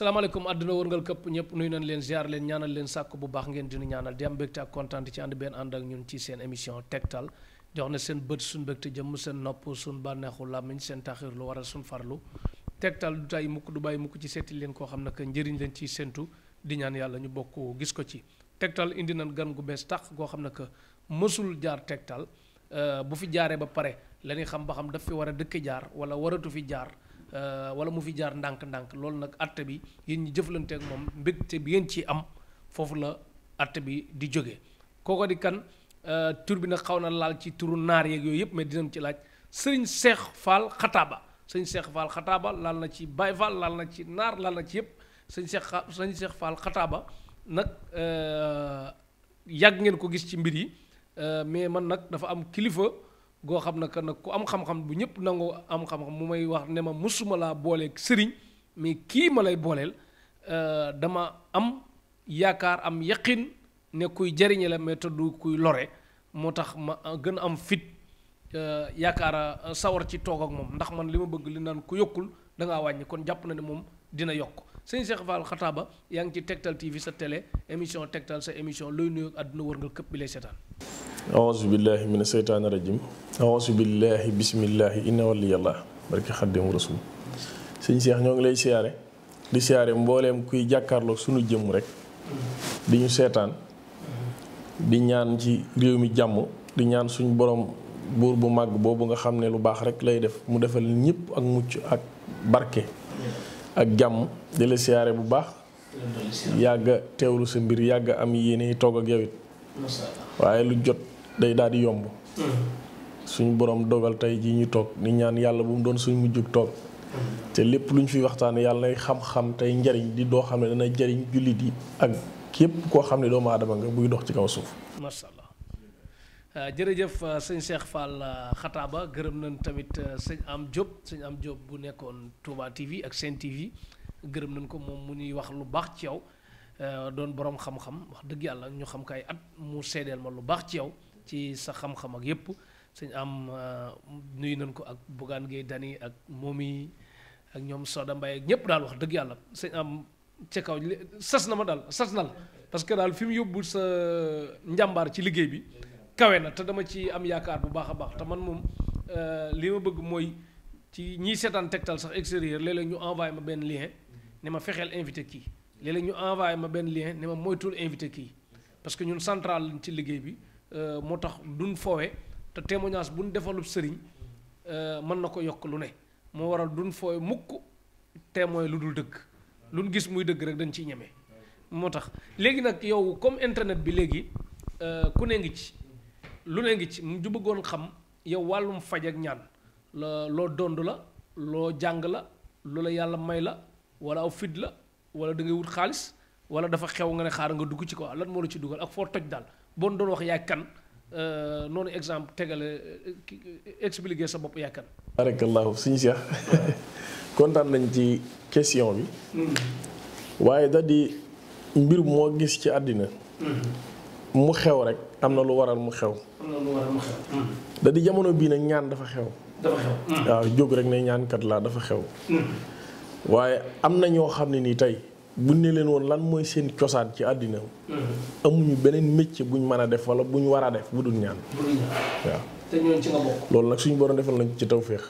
salaamaaleykum àdduna wërngal këpp ñëpp nuyu nañ leen ziar leen ñaanal leen sàkk bu baax ngeen dinu ñaanal di am mbégte ak kontaan ci ànd benn ànd ak ñun ci seen émission tegtal jox na seen bët suñ mbégte jëmm seen nopp suñ bànneexu làmmiñ seen taxir lu waral suñ farlu tegtal du tay mukk du bàyyi mukk ci seeti leen koo xam ne que njëriñ leen ciy séntu di ñaan yàlla ñu bokk gis ko ci tegtal indi nañ gan gu bees tax koo xam ne que mësul jaar tegtal euh, bu fi jaaree ba pare la ñuy xam ba xam daf fi war a dëkk jaar wala waratu fi jaar Euh, wala mu fi jaar ndànk-ndànk loolu nag atte bi yéen ñi jëflante ak moom mbégte bi ngeen ci am foofu la atte bi di jóge kooko di kan euh, tur bi nag xaw na laal ci turu naar yeeg yooyu yëpp mais dinañ ci laaj sëñ Seex Faal Xataaba sëñ Seex Faal Xataaba laal na ci Baay Faal laal na ci naar laal na ci yëpp sëñ Seex sëriñ Seex Faal Xataaba nag euh, yàgg ngeen ko gis ci mbir yi mais man nag dafa am kilifa goo xam ne que nag ku am xam-xam bu ñëpp nangu am xam-xam mu may wax ne ma musuma laa booleeg sëriñ mais kii ma lay booleel euh, dama am yaakaar am yaqin ne kuy jariñe la du kuy lore moo tax ma euh, gën a am fit euh, yaakaara sawar ci toog ak moom ndax man li ma bëgg li naan ku yokkul dangaa wàññi kon jàpp na ne moom dina yokk sëñ Cheikh Fall Xataaba yaa ngi ci Tektal TV sa télé émission Tektal sa émission looy nuyu àdduna wërngal këpp bi lay seetaan. aouzu billahi mina seytaani rajim aouzu billahi bismillahi inna waliyallah barki xaddim rasul sëñ ñoo ngi lay siyaare di siyaare mbooleem kuy jàkkaarloog sunu jëmm rek di ñu seetaan di ñaan ci réew mi jàmm di ñaan suñu borom buur bu màgg boobu nga xam ne lu baax rek lay def mu defal ñëpp ak mucc ak barke. ak jàmm di la bu baax yàgg a teewlu sa mbir yàgg am yéene togg ak yow waaye lu jot day daal di yomb suñu boroom dogal tey jii ñu toog di ñaan yàlla bu mu doon suñu mujjug toog te lépp lu ñu fiy waxtaan yàlla nay xam-xam tey njariñ di doo xam ne dana jariñ jullit yi ak képp koo xam ne doomu aadama nga buy dox ci kaw suuf Euh, jërëjëf euh, sëñ Cheikh Fall euh, Xataaba gërëm nañ tamit sëñ Am Diop sëñ Am Diop bu nekkoon Touba TV ak Sen TV gërëm nañ ko moom mu ñuy wax lu baax ci yow doon borom xam-xam wax dëgg yàlla ñu xamkaay at mu sedeel ma lu baax ci yow ci sa xam-xam ak yépp sëñ Am nuyu nañ ko ak Bougane gee Dany ak Momi ak ñoom Soda Mbaye ak ñépp daal wax dëgg yàlla sëñ Am ci kaw sas na ma daal sas na la parce que daal fi mu yóbbu sa njàmbaar ci liggéey bi kawe na te dama ci am yaakaar bu baax a baax te man moom euh, li ma bëgg mooy ci ñi seetaan tegtal sax extérieur léeg ñu envoyé ma benn lien ne ma fexeel invité kii léeg ñu envoyé ma benn lien ne ma moytul invité kii parce que ñun central lañ ci liggéey bi euh, moo tax duñ fowe te témoignage buñ defalub sëriñ euh, man na ko yokk lu ne moo waral duñ fowe mukk témoin lu dul dëkk lu gis muy dëgg rek dañ ciy ñeme moo tax léegi nag yow comme internet bi léegi ku ne ngi ci lu ne ngi ci mu bëggoon xam yow wàllum faj ak ñaan loo dond la loo jàng la lu la yàlla may la wala aw fit la wala da ngay wut xaalis wala dafa xew nga ne xaar nga dugg ci ko lan moo la ci dugal ak foo toj daal bon doon wax yaay kan euh, noonu exemple tegale euh, expliquer sa bopp yaay kan. barakallahu suñu Cheikh kontaan nañ ci question bi. Hmm. waaye da di mbir moo gis ci àddina. Hmm. mu xew rek am na lu waral mu xew. am hmm. da di jamono bii nag ñaan dafa xew. Hmm. waaw jóg rek ne ñaankat laa dafa xew. Hmm. waaye am na ñoo xam ne nii tey buñ ne leen woon lan mooy seen cosaan ci àddina amuñu beneen métier buñ mën a def wala buñ war a def bu dul ñaan. waaw. loolu nag suñu borom defal nañ ci tawféex.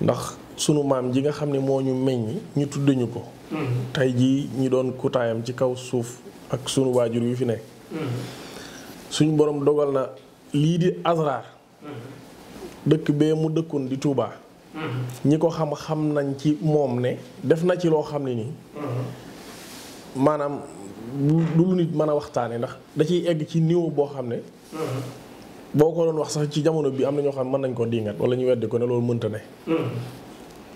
ndax sunu maam ji nga xam ne moo ñu meññ ñu tudd ko. tey jii ñu doon kutaayam ci kaw suuf ak sunu waajur yu fi nekk. suñu boroom dogal na lii di Azrar. dëkk bee mu dëkkoon di Touba. ñi ko xam xam nañ ci moom ne def na ci loo xam ne nii. maanaam du lu nit mën a waxtaanee ndax da ciy egg ci niveau boo xam ne. boo ko doon wax sax ci jamono bi am na ñoo xam ne mën nañ ko diingat wala ñu weddi ko ne loolu mënta ne.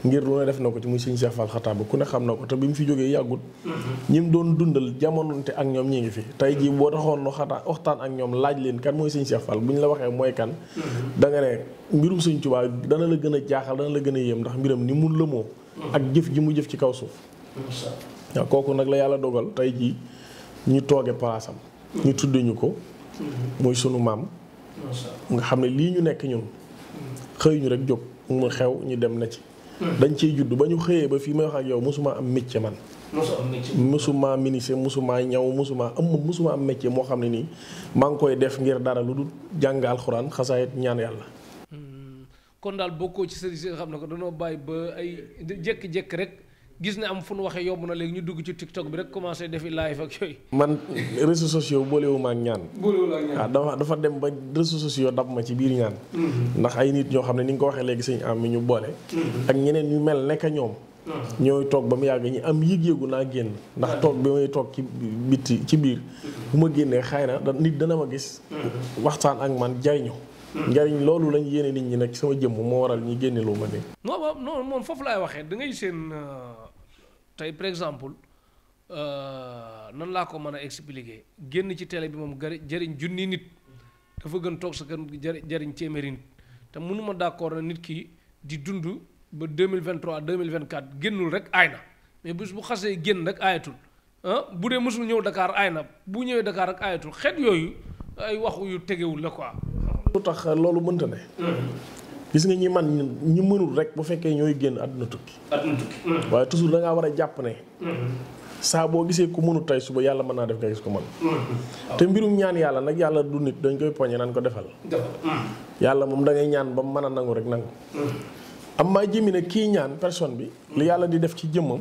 ngir lu ne def na ko ci muy sëñ Cheikh Fall Xattaab ku ne xam na ko te bi mu fi jógee yàggut ñi mu doon dundal jamononte ak ñoom ñi ngi fi tey jii boo taxoon no xataa waxtaan ak ñoom laaj leen kan mooy sëñ Cheikh Fall bu ñu la waxee mooy kan da ne mbirum sëñ Tuubaa dana la gën a jaaxal dana la gën a yem ndax mbiram ni mu lëmoo ak jëf ji mu jëf ci kaw suuf kooku nag la yàlla dogal tey jii ñu tooge palaasam ñu tudde ko mooy sunu maam nga xam ne lii ñu nekk ñun mm. xëy rek jóg xew ñu dem na ci dañ ciy judd ba ñu xëyee ba fii may wax ak yow mosuma am métier man. mosuma ministre mosuma ñaw mosuma am mosuma am métier moo xam ne nii maa ngi koy def ngir dara lu dul jàng alxuraan xasaayit ñaan yàlla. Hmm. kon daal bokkoo ci sëriñ si nga xam ne ko danoo bàyyi ba ay jékki-jékki rek. gis ne am fu nu waxee yomb na léegi ñu dugg ci TikTok bi rek commencé defi live ak yooyu. man réseaux sociaux boolewuma ak ñaan. boolewuma ak ah, dafa dem ba réseaux sociaux dab ma ci biir ñaan. Mm-hmm. ndax ay nit ñoo xam ne ni nga ko waxee léegi sëñ am mi ñu boole. Mm-hmm. ak ñeneen ñu mel nekk ñoom. Mm-hmm. ñooy toog ba mu yàgg ñi am yëg-yëgu naa génn ndax toog bi may toog ci bitti ci biir bu ma génnee xëy na nit dana ma gis waxtaan ak man jariñu jariñ loolu lañ yéene nit ñi nag sama jëmm moo waral ñu génne loo ma ne moom foofu laay waxee da tey par exemple euh, nan laa ko mën a expliquer génn ci télé bi moom gari jëriñ junni nit dafa gën toog sa kër jariñ téeméeri nit te mënuma d'accord na nit ki di dund ba deux deux mille mille vingt 2024 génnul rek aay na mais bis bu xasee génn rek aayatul bu dee mësul ñëw dakaar aay na bu ñëwee dakaar rek aayatul xeet yooyu ay waxu yu tegewul la quoi. lu tax loolu mënta ne. Hmm. gis nga ñi man ñi mënul rek bu fekkee ñooy génn àdduna tukki. Mm. waaye toujours da ngaa war a jàpp ne. Mm. saa boo gisee ku mënul tey suba yàlla mën naa def ko mën. Mm. te mbirum ñaan yàlla nag yàlla du nit dañ koy poñe naan ko defal. yàlla moom da ngay ñaan ba mu mën a nangu rek nangu. am maa jëmi ne kii ñaan personne bi. li yàlla di def ci jëmmam.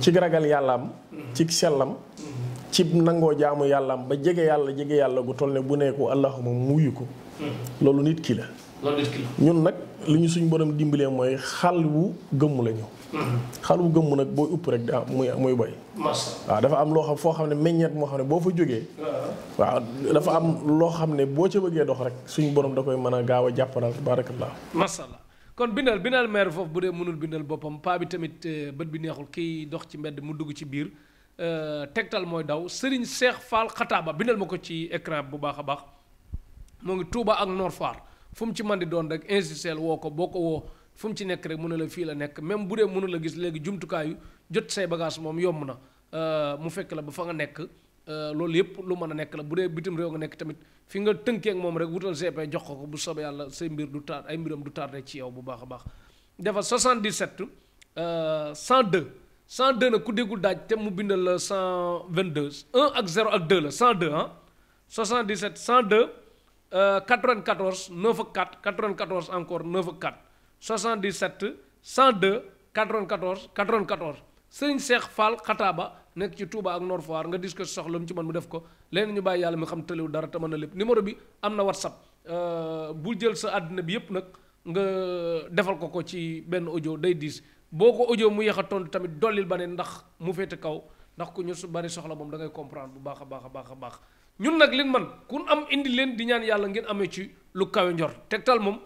ci ragal yàlla yàllaam. ci sellam. ci nangoo jaamu yàllaam ba jege yàlla jege yàlla gu toll ne bu nekku allahuma mu wuyu ko. loolu nit ki la. loolu ñun nag li ñu suñu borom dimbalee mooy xal wu gëmmu la ñu. Mm-hmm. xal wu gëmm nag booy upp rek daa muy muy bay. waaw dafa am loo xam foo xam ne meññeet moo xam ne boo fa jógee. Uh-huh. waaw dafa am loo xam ne boo ca bëggee dox rek suñu borom da koy mën a gaaw a jàppandal tabaarakallaa. macha allah kon bindal bindal maire foofu bu dee mënul bindal boppam paa bi tamit euh, bët bi neexul kiy dox ci mbedd mu dugg ci biir. Euh, tegtal mooy daw Serigne Cheikh Fall Xataaba bindal ma ko ci écran bu baax a baax moo ngi Touba ak Nord Foire fu mu ci man di doon rek insisteel woo ko boo ko woo fu mu ci nekk rek mën na la fii la nekk même bu dee mënu la gis léegi jumtukaayu jot say bagage moom yomb na euh, mu fekk la ba fa nga nekk euh, loolu yëpp lu mën a nekk la bu dee bitim réew nga nekk tamit fi nga tënkeek ak moom rek wutal GP jox ko ko bu soobee yàlla say mbir du taar ay mbiram du tardé ci yow bu baax a baax dafa 77 102 102 nag ku déggul daaj te mu bindal la 122 1 ak 0 ak 2 la 102 ah 77 102 94 euh, 9 ak 4 94 encore 9 ak 4 77 102 94 94 Serigne Cheikh Fall Xataaba nekk ci Touba ak Nord Foire nga dis ko soxla mu ci man mu def ko leen ñu bàyyi yàlla mi xam tëliwul dara te mën na lépp numéro bi am na WhatsApp euh, bu jël sa àddina bi yépp nag nga defal ko ko ci benn ojo day diis boo ko audio mu yéex a tontu tamit dollil ba ne ndax mu féete kaw ndax ku ñu su bari soxla moom da ngay comprendre bu baax a baax a baax a baax ñun nag leen man ku am indi leen di ñaan yàlla ngeen amee ci lu kawe njor Tektal moom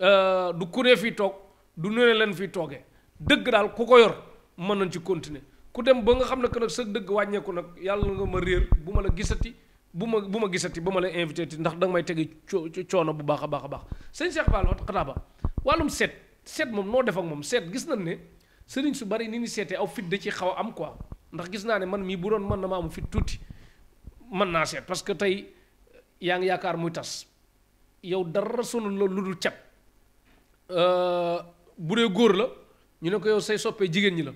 euh, du kuree fii toog du nene leen fii toogee dëgg daal ku ko yor mën nañ ci continuer ku dem ba nga xam ne que nag sa dëgg wàññeeku nag yàlla nga ma réer bu ma la gisati bu ma bu ma gisati ba ma la invité ti ndax danga may tegi co coono bu baax a baax a baax sëñ Cheikh Fall ba wàllum seet seet moom noo def moom seet gis nañ ne sëriñ su bari ni ñu seetee aw fit da ci xaw a am quoi ndax gis naa ne man mii bu doon mën na ma am fit tuuti mën naa seet parce que tey euh, yaa ngi yaakaar muy tas yow dara sunu la lu dul cet euh, bu dee góor la ñu ne ko yow say soppee jigéen ñi la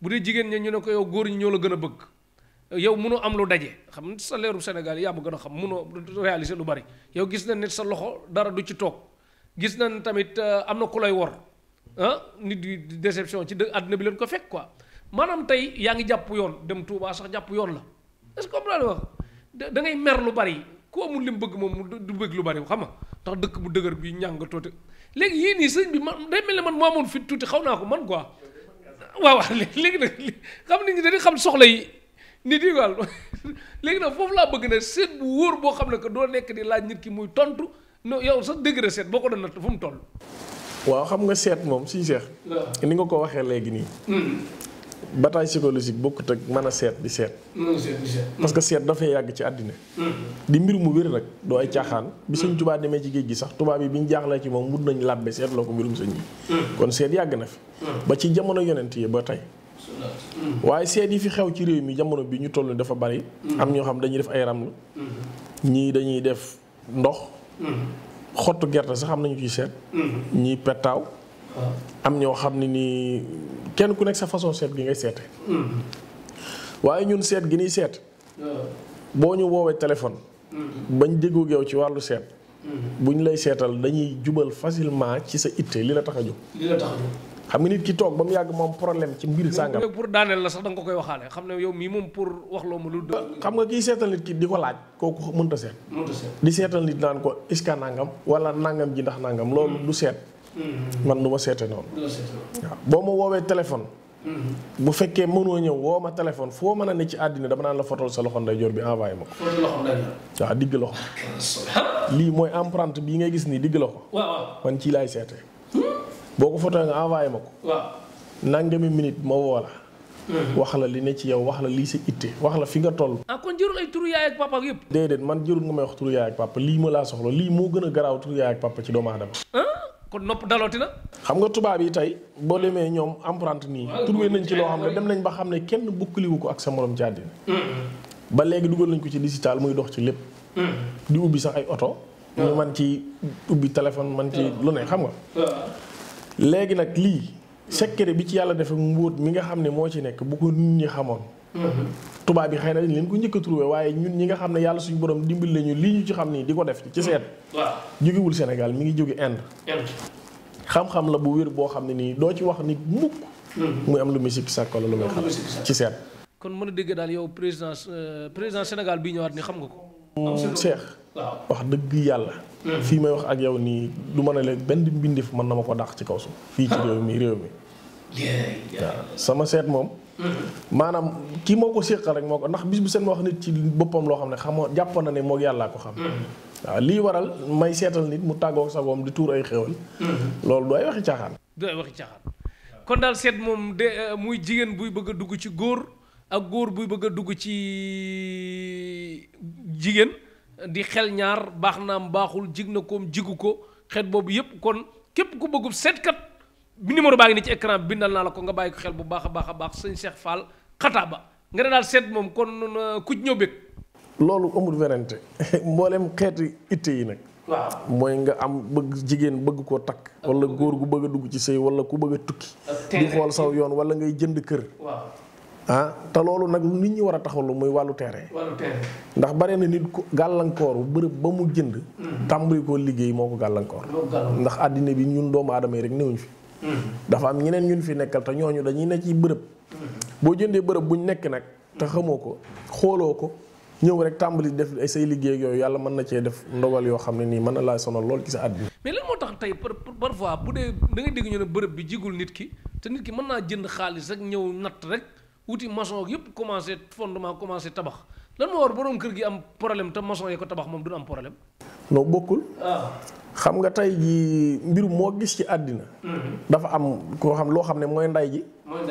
bu dee jigéen ñi ñu ne ko yow góor ñi ñoo la gën a bëgg yow mënoo am lu daje xam ne sa leeru Sénégal yaa ma gën a xam mënoo réaliser lu bari yow gis na ne sa loxo dara du ci toog gis na ne tamit euh, am na ku lay wor ah nit di déception ci dë àdduna bi leen ko fekk quoi maanaam tey yaa ngi jàpp yoon dem tuubaa sax jàpp yoon la est-ce que comprendre wax ngay mer lu bari ku li mu bëgg moom du bëgg lu bari xam nga tax bu dëgër bi ñàng toote léegi yii nii sëñ bi man day mel ne man moo amoon tuuti xaw naa ko man quoi waaw waaw léegi nag xam nit ñi xam soxla yi nit yi wàll léegi nag foofu laa bëgg na seet bu wóor boo xam ne que doo nekk di laaj nit ki muy tontu non yow sax degré seet boo ko doon natt fu mu toll. waaw xam nga seet moom suñu seex. ni nga ko waxee léegi nii. Hmm. bataille psychologique bokkut ak mën a seet di seet. mën a seet di seet. parce que seet dafay yàgg ci àddina. di mbir mu wér nag doo ay caaxaan. bi sëñ Tuubaa demee ci géej gi sax tubaab yi bi ñu jaaxlee ci moom mun nañu làbbe seet loo ko mbirum sëñ bi. kon seet yàgg na fi. ba ci jamono yonent yi ba tey. waaye seet yi fi xew ci réew mi jamono bi ñu toll dafa bari. am ñoo xam dañuy def ay ramlu. ñii dañuy def ndox. xottu gerte sax am nañu ciy seet. ñii pettaaw. am ñoo xam ne nii kenn ku nekk sa façon seet gi ngay seete waaye ñun seet gi ñuy seet boo ñu woowee téléphone bañ déggoog yow ci wàllu seet bu buñ lay seetal dañuy jubal facilement ci sa itte li la tax a jóg tax xam nga nit ki toog ba mu yàgg moom problème ci mbir sàngam pour daaneel la sax da nga ko koy waxaale xam ne yow mii moom pour wax loo ma lu xam nga kiy seetal nit ki di ko laaj kooku mënta seet di seetal nit naan ko iska nangam wala nangam ji ndax nangam loolu du seet Mm-hmm. man du ma seete noonu. waaw boo ma woowee téléphone. Mm-hmm. bu fekkee mënoo ñëw woo ma téléphone foo mën a ne ci àddina dama naan la fotol sa loxo ndeyjoor bi envoyé ma ko. fotol loxo ndeyjoor. waaw digg loxo. lii mooy empreinte bii ngay gis nii digg loxo. waaw man ci laay seete. Hmm? boo ko fotoy nga envoyé ma ko. waaw ma woo mm-hmm. la. li ne ci yow wax la lii sa itte wax la fi nga toll. ah kon jërul ay turu yaay ak papa ak may wax turu ak papa lii ma laa soxla lii moo gën a garaaw turu yaay ak papa ci doomu aadama. kon nopp dalooti na. xam nga tubaab yi tey boo demee ñoom emprunté nii. trouvé nañ ci loo xam ne dem nañ ba xam ne kenn bukkaliwu ko ak sa morom ci ba léegi dugal nañ ko ci digital muy dox ci lépp. di ubbi sax ay oto. ñu man ci ubbi téléphone man ci lu ne xam nga. léegi nag lii. secret bi ci yàlla def ak mbóot mi nga xam ne moo ci nekk bu ko nit ñi xamoon. tubaab bi xëy na dañ leen ko njëkk a waaye ñun ñi nga xam ne yàlla suñu borom dimbali lañu lii ñu ci xam nii di ko def ci seet jógewul mm. Sénégal mi ngi jóge Inde xam la bu wér boo xam ne nii doo ci wax nit mukk mm. muy am lu muy sikk sàkk wala lu muy xam ci seet kon mën a dégg daal yow président euh, président Sénégal bii ñëwaat ni xam nga ko mm, Cheikh wax dëgg yàlla fii may wax ak yow nii du mën a leen benn mbindeef mën na ma ko dàq ci kaw suuf fii ci réew mi réew mi waa sama seet moom maanaam kii moo ko séqal rek moo ko ndax bis mu seen moo wax nit ci boppam loo xam ne xamoo jàpp na ne moo yàllaa ko xam waaw lii waral may seetal nit mu tàggoog sagoom di tuur ay xéwal loolu du ay waxi caaxaan du ay waxi caaxaan kon daal seet moom de euh, muy jigéen buy bëgg a dugg ci góor ak góor buy bëgg a dugg ci jigéen di xel ñaar baax naam baaxul jig na koom jigu ko xet boobu yépp kon képp ku bëggub seetkat bi numéro baa ngi nii bindal naa la ko nga bàyyi ko xel bu baax a baax a baax sëñ Cheikh Fall xataaba nga ne daal seet moom kon euh, ku ñëw bëgg. loolu amul werante mboolem xeeti itte yi nag. waaw mooy nga am bëgg jigéen bëgg ko takk. wala góor gu bëgg a dugg ci sëy wala ku bëgg a tukki. di xool saw yoon wala ngay jënd kër. waaw ah, te loolu nag nit ñi war a la muy wàllu terrain. wàllu ndax bare na nit ku gàllankooru bërëb ba mu jënd. Hmm. tàmbali koo liggéey moo ko gàllankoor. ndax àddina bi ñun doomu aadama yi rek néewuñ fi. dafa am ñeneen ñun fi nekkal te ñooñu dañuy ne ci bërëb. boo jëndee bërëb ñu nekk nag te xamoo ko xooloo ko ñëw rek tàmbali def ay say liggéey yooyu yàlla mën na cee def ndogal yoo xam ne nii mën na laa sonal lool ci sa àddina. mais lan moo tax tey par parfois bu dee da nga dégg ñu ne bërëb bi jigul nit ki te nit ki mën naa jënd xaalis rek ñëw natt rek wuti maçon yëpp commencé fondement commencé tabax lan moo war borom kër gi am problème te maçon yi ko tabax moom du problème. xam nga tey jii mbir moo gis ci àddina. Mm-hmm. dafa am koo xam loo xam ne mooy nday ji. mooy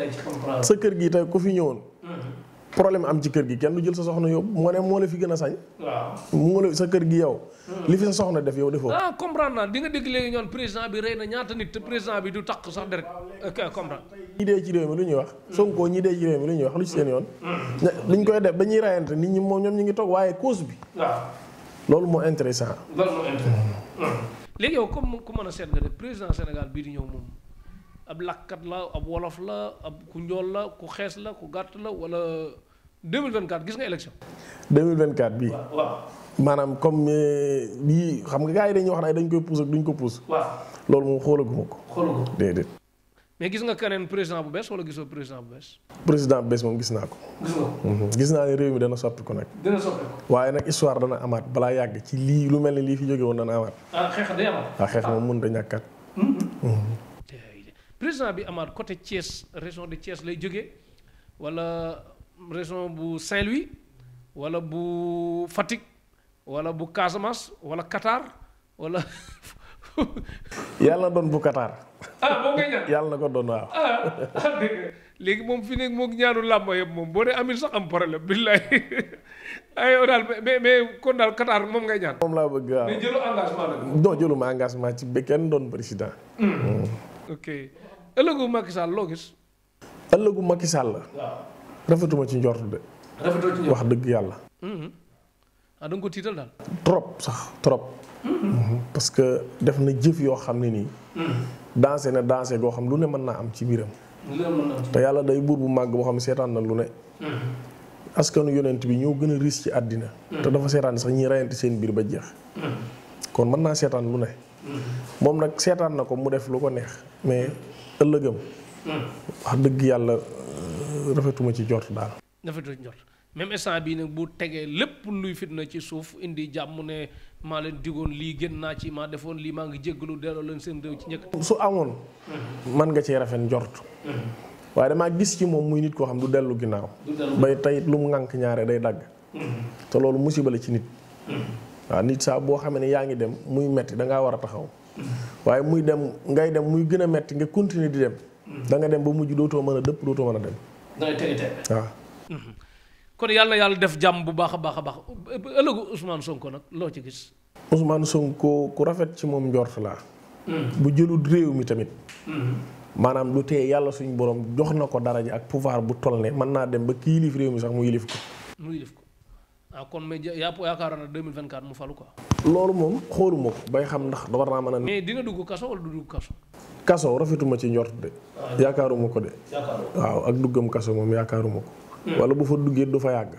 sa kër gi tey ku fi ñëwoon. Mm-hmm. problème am ci kër gi kenn du jël sa soxna yóbbu moo ne moo la fi gën a sañ. waaw moo la sa kër gi yow. Mm-hmm. li fi sa soxna def yow defoo. ah comprendre naa di nga dégg léegi ñoon président bi rey na ñaata nit te président bi du takk sax deret comprendre. ñi dee ci réew mi lu ñuy wax. Sonko ñi dee ci réew mi lu ñuy wax lu ci seen yoon. ne duñ koy def ba ñuy rayante nit ñi moom ñoom ñu ngi toog waaye cause bi. loolu moo intéressant mmh. léegi yow comme ku mën a seet nga def président Sénégal bii di ñëw moom ab làkkat la ab wolof la ab ku njool la ku xees la ku gàtt la wala 2024 gis nga élection. 2024 bii. maanaam comme yii euh, xam nga gars yi dañuy wax ne dañ koy pousse ak duñ ko pousse. waaw loolu moom xoolaguma ko. xoolaguma ko mais gis nga keneen président bu bees wala gisoo président bu bees. président bu bees moom gis naa ko. gis mhm. naa ne réew mi dana sotti ko nag. waaye nag histoire dana amaat balaa yàgg ci lii lu mel ne lii fi jóge woon dana amaat. ah xeex day amaat. waaw ah, xeex mhm. Mhm. président bi amaat côté Thiès région de Thiès lay jóge wala région bu Saint-Louis wala bu Fatick wala bu Casamance wala Qatar wala. yàlla doon bu Qatar. Ah, yàlla na ko doon waaw. Ah, ah, léegi moom fi nekk moom ñaanu làmb yëpp moom boo dee amil sax am problème billaay ayoo daal mais mais kon daal Qatar moom ngay ñaan. moom laa bëgg waaw mais jëlu engagement la. non jëluma engagement ci bi kenn doon président. Hmm. ok ëllëgu Macky Sall loo gis. ëllëgu Macky la. rafetuma ci njort de. wax dëgg yàlla. Hmm. ah da ko tiital daal. trop sax trop. parce que def na jëf yoo xam ne nii. dansé na dansé goo xam lu ne mën naa am ci biiram. te yàlla day buur bu màgg boo xam ne seetaan na lu ne. Mm-hmm. askanu yonent bi ñoo gën a riis ci àddina. te dafa seetaan sax ñi rayante seen biir ba jeex. Mm-hmm. kon mën naa seetaan lu ne. Mm-hmm. moom nag seetaan na ko mu def lu ko neex mais ëllëgam. wax dëgg yàlla euh, rafetuma ci jort daal. rafetuma ci jort même instant bii nag bu tegee lépp luy fitna ci suuf indi jàmm ne. maa leen digoon lii génn naa ci maa defoon lii maa ngi jéggalu delloo leen seen réew ci njëkk. su amoon. man nga cee rafet njort. waaye damaa gis ci moom muy nit koo xam du dellu ginnaaw. bay tey lu mu ŋànk ñaaree day dagg. te loolu musiba la ci nit. waaw nit saa boo xamee ne yaa ngi dem muy metti da war a taxaw. waaye muy dem ngay dem muy gën a metti nga continuer di dem. da nga dem ba mujj dootoo mën a dëpp dootoo mën a dem. waaw. Mhm. kon yàlla yàlla def jàmm bu baax a baax a baax ëllëgu Ousmane Sonko nag loo ci gis. Ousmane Sonko ku rafet ci moom njort laa. Hmm. bu jëlul réew mi tamit. Hmm. maanaam lu tee yàlla suñu borom jox na ko dara ji ak pouvoir bu toll ne mën naa dem ba kii yilif réew sax mu yilif ko. mu yilif ko ah kon mais yàpp yaakaaroon na 2024 mu falu quoi. loolu moom xooluma ko bay xam ndax war naa mën a. mais dina dugg kaso wala du dugg kaso. kaso rafetuma ci njort de. Ah, yaakaaruma ko de. waaw ak duggam kaso moom yaakaaruma ko. Hmm. wala bu fa duggee du fa yàgg.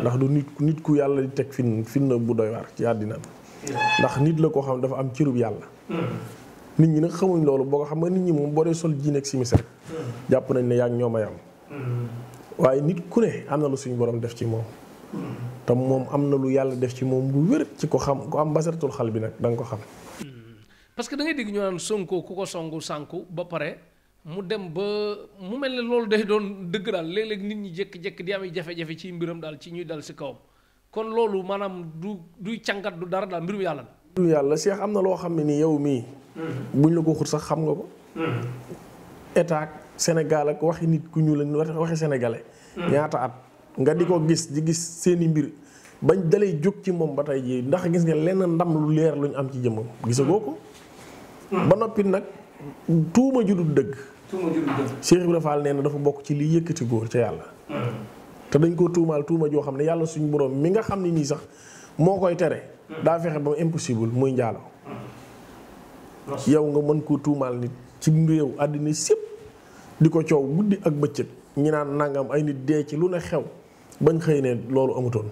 ndax du nit nit ku yàlla di teg fin finna bu doy waar ci àddina hmm. ndax nit la koo xam dafa am cërub yàlla. Hmm. nit ñi nag xamuñ loolu boo ko xam nga nit ñi moom boo dee sol ji nekk simis jàpp nañ ne yaa ngi ñoom a yam waaye nit ku ne am na lu suñu borom def ci moom. te moom am na lu yàlla def ci moom bu wér ci ko xam ko am basaratul xal bi nag da ko xam. parce que da ngay dégg ñu naan sonko ku ko songu sànku ba pare. mu dem ba mu mel ne loolu day doon dëgg daal léeg-léeg nit ñi jékki-jékki di am jafe-jafe ci mbiram daal ci ñuy dal si kawam kon loolu maanaam du duy càngat du dara daal mbirum yàlla la. mbirum yàlla Cheikh am na loo xam ne nii yow mii. buñ la ko sax xam nga ko. état Sénégal ak waxi nit ku ñuul ak waxi sénégalais. ñaata at nga di ko gis di gis seeni mbir bañ dalay jóg ci moom ba tey jii ndax gis nga lenn ndam lu leer luñ am ci jëmmam gisagoo ko. ba noppi nag. tuuma ju dul dëgg. tuuma ju dul dëgg. Cheikh Ibrahima Fall nee na dafa bokk ci liy yëkkati góor ca yàlla. Mm. te dañ koo tuumaal tuuma joo xam ne yàlla suñu borom mi nga xam ne nii sax moo koy tere. Mm. daa fexe ba impossible muy njaaloo mm. yow nga mën koo tuumaal nit ci réew àddina sépp di ko coow guddi ak bëccëg ñi naan nangam ay nit dee ci lu ne xew bañ xëy ne loolu amutoon.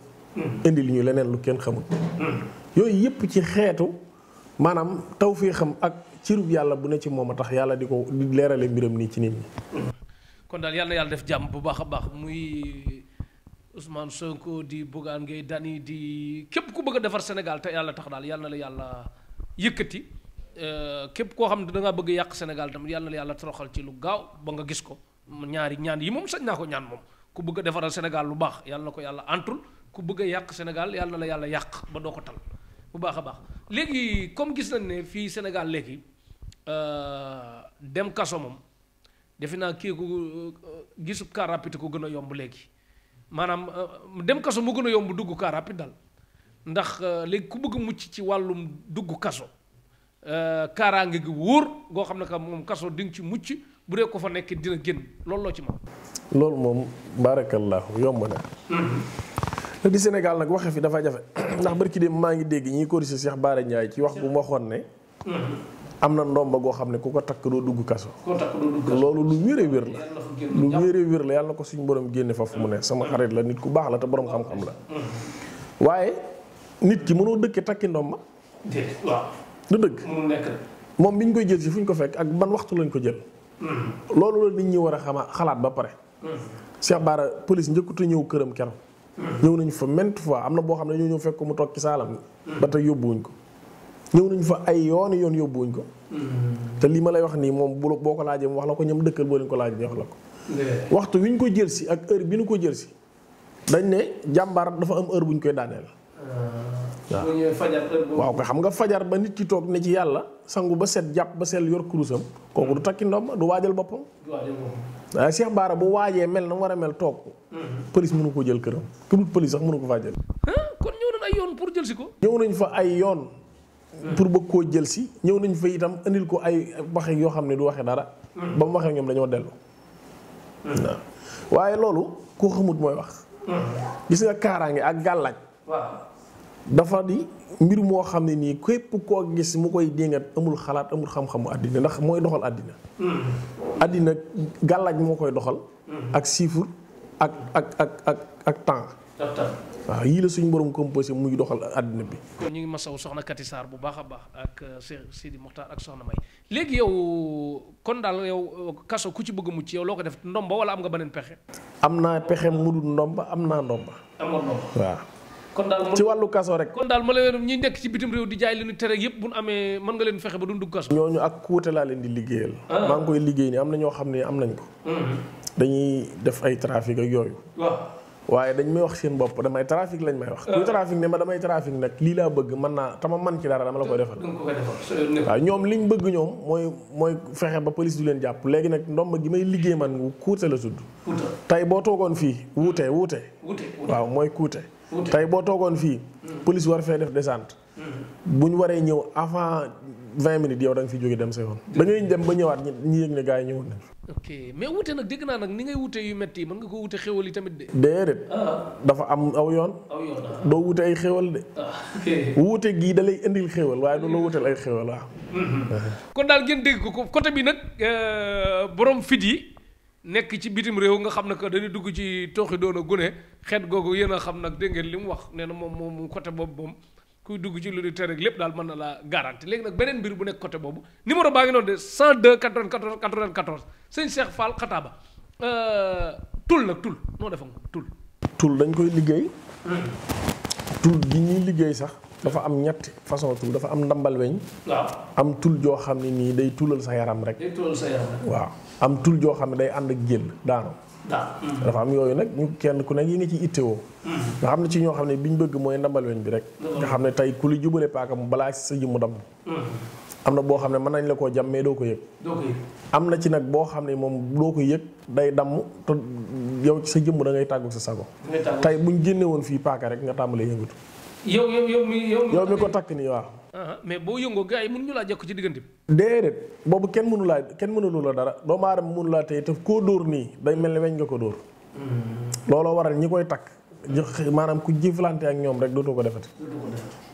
indi li ñu leneen lu kenn xamul. yooyu yëpp ci xeetu maanaam tawféexam ak. cirub yàlla bu ne ci moom a tax yàlla di ko di leerale mbiram nii ci nit ñi. kon daal yàlla yàlla def jàmm bu baax a baax muy Ousmane Sonko di Bougane Gueye Dany di képp ku bëgg a defar Sénégal te yàlla tax daal yàlla la yàlla yëkkati euh, képp koo xam ne da bëgg yàq Sénégal tamit yàlla na yàlla toroxal ci lu gaaw ba nga gis ko ñaari ñaan yi moom sañ naa ko ñaan moom ku bëgg a defaral Sénégal lu baax yàlla na ko yàlla antul ku bëgg yàq Sénégal yàlla na la yàlla yàq ba doo ko tal bu baax a baax léegi comme gis nañ ne fii Sénégal léegi euh, dem kaso moom defe naa kii ku euh, gisu car rapide gën a yomb léegi maanaam euh, dem kaso mu gën a yomb dugg car rapide daal ndax léegi ku bëgg mucc ci wàllum dugg kaso kaaraange gi wóor goo xam ne ka moom kaso di nga ci mucc bu dee ko fa nekk dina génn loolu loo ci moom. loolu moom baarakallahu yomb na. Mm-hmm. te di Sénégal nag fi dafa jafe ndax barki dem maa ngi dégg ñi corrigé Cheikh Bara Ndiaye ci wax bu mu ne. am na ndomba goo xam ne ku ko takk dugg kaso. loolu lu wér a wér a yàlla ko suñu borom génne fa mu ne sama xarit la nit ku baax la borom xam-xam la. Mm-hmm. waaye nit ki mënoo dëkke takki ndomba. waaw. du dëgg moom bi ñu koy jël si fu ñu ko fekk ak ban waxtu lañ ko jël. Mm-hmm. loolu la nit ñi war a xama xalaat ba pare. Mm-hmm. Cheikh Bara police njëkkut ñëw këram keroog. ñëw nañ fa maintes fois am na boo xam ne ñoo ñëw fekk mu toog ci saalam bi ba tey yóbbuwuñ ko ñëw nañu fa ay yoon yoon yóbbuwuñ ko te lii ma lay wax nii moom bu boo ko laajee mu wax la ko ñoom dëkkal boo leen ko laa wax la ko waxtu wi ko jël si ak heure bi ñu ko jël si dañ ne jàmbaar dafa am heure bu ñu koy daaneel uh, waaw nga xam nga fajar ba nit ki toog ne ci yàlla sangu ba set jàpp ba sell yor kurusam kooku du takki ndomba du waajal boppam waaye ah, Cheikh Bara bu waajee mel na mu war a mel toog ko. Mhm. police mënu ko jël këram ku dul sax mënu ko faa jël. kon ñëw nañ si ko. ñëw nañ fa ay yoon. Mhm. pour bëgg koo jël si ñëw nañ fa itam indil ko ay waxe yoo xam ne du waxe dara. Mhm. ba mu waxee ñoom dañoo dellu. waaw waaye loolu koo xamut mooy wax. gis nga kaaraange ak gàllaaj. dafa di mbir moo xam ne nii képp koo gis mu koy dingat amul xalaat amul xam-xamu àddina ndax mooy doxal àddina hmm. àddina gàllaaj moo koy doxal hmm. ak chiffre ak ak ak ak ak temps waaw yii la suñu borom composé muy doxal àddina bi. kon ñu ngi masawu soxna Kati bu baax a baax ak euh, Sidi Mokhtar ak soxna May léegi yow kon daal yow euh, kaso ku ci bëgg mucc yow loo ko def ndomba wala am nga beneen pexe. am naa pexe mu dul ndomba am naa ndomba. am kon daal ci wàllu kaso rek. kon daal ma la leen ñi nekk ci bitim réew di jaay li ñu tere yëpp bu ñu amee mën nga leen fexe ba duñ dugg kaso. ñooñu ak kuute laa leen liggéeyal. Ah. maa ngi koy liggéey nii am na xam ne am nañ ko. Hmm. dañuy def ay trafic ak yooyu. dañ may wax seen bopp damay trafic lañ may wax. Ah. kuy trafic ne ma damay trafic nag lii laa bëgg mën naa tama man ci dara dama la koy defal. waaw ñoom liñ bëgg ñoom mooy mooy fexe ba police du leen jàpp léegi nag ndomb gi may liggéey man kuute la tudd. tey boo toogoon fii wuute wuute. waaw mooy kuute tey boo toogoon fii. Mm. police war fee def descente. Mm-hmm. bu ñu waree ñëw avant vingt minutes yow da nga fi jóge dem sa yoon. da ngay dem ba ñëwaat ñi yëg ne gars yi ñëwoon nañ. ok mais wuute nag dégg naa nag ni ngay wute yu métti yi mën nga ko wute xéwal yi tamit de. déedéet. Ah. dafa am aw yoon. aw yoon ah. doo wuute ay xéwal de. Ah, wuute gii da lay indil xéwal waaye du la wuuteel ay xéwal mm-hmm. kon daal ngeen dégg ko côté bi nag euh, borom fit yi. nekk ci bitim réew nga xam ne que dugg ci tooxi doon a gune xeet googu yéen a xam nag dégg ngeen li mu wax nee na moom moom côté boobu moom kuy dugg ci lu di lépp daal mën na laa garanti léegi nag beneen mbir bu nekk côté boobu numéro baa ngi noonu de 102 94 94 sëñ Cheikh Fall Xataaba euh, tul nag tul noo defa nga tul tul dañ koy liggéey hmm. tul bi ñuy liggéey sax dafa am ñetti façon tul dafa am ndambal weñ am tul joo xam ne nii day tulal sa yaram rek waaw am tul joo xam ne day ànd ak génn daanu dafa am yooyu nag ñu kenn ku nekk yi nga ci ittewoo mm-hmm. nga xam ne ci ñoo xam ne bi ñu bëgg mooy ndambal weñ bi rek nga xam ne tey ku li jubale paaka mu balaa si sa jëmm damm mm-hmm. am na boo xam ne mën nañ la koo jam mais ko yëg na ci nag boo xam ne moom doo ko day damm te yow ci sa jëmm da ngay tàggu sa sago tey buñ génne woon fii paaka rek nga tàmbalee yëngatu yow yow yow mi yow mi ko takk nii waaw. Ah, ah, mais boo yëngoo gars yi ñu laa jekk ci diggante bi. déedéet boobu kenn mënula kenn mënulu dara doo aadama mënu laa tey te koo dóor nii day mel ni weñ nga ko dóor. Hmm. looloo waral ñi koy takk. maanaam ku jëflante ak ñoom rek dootoo ko defati.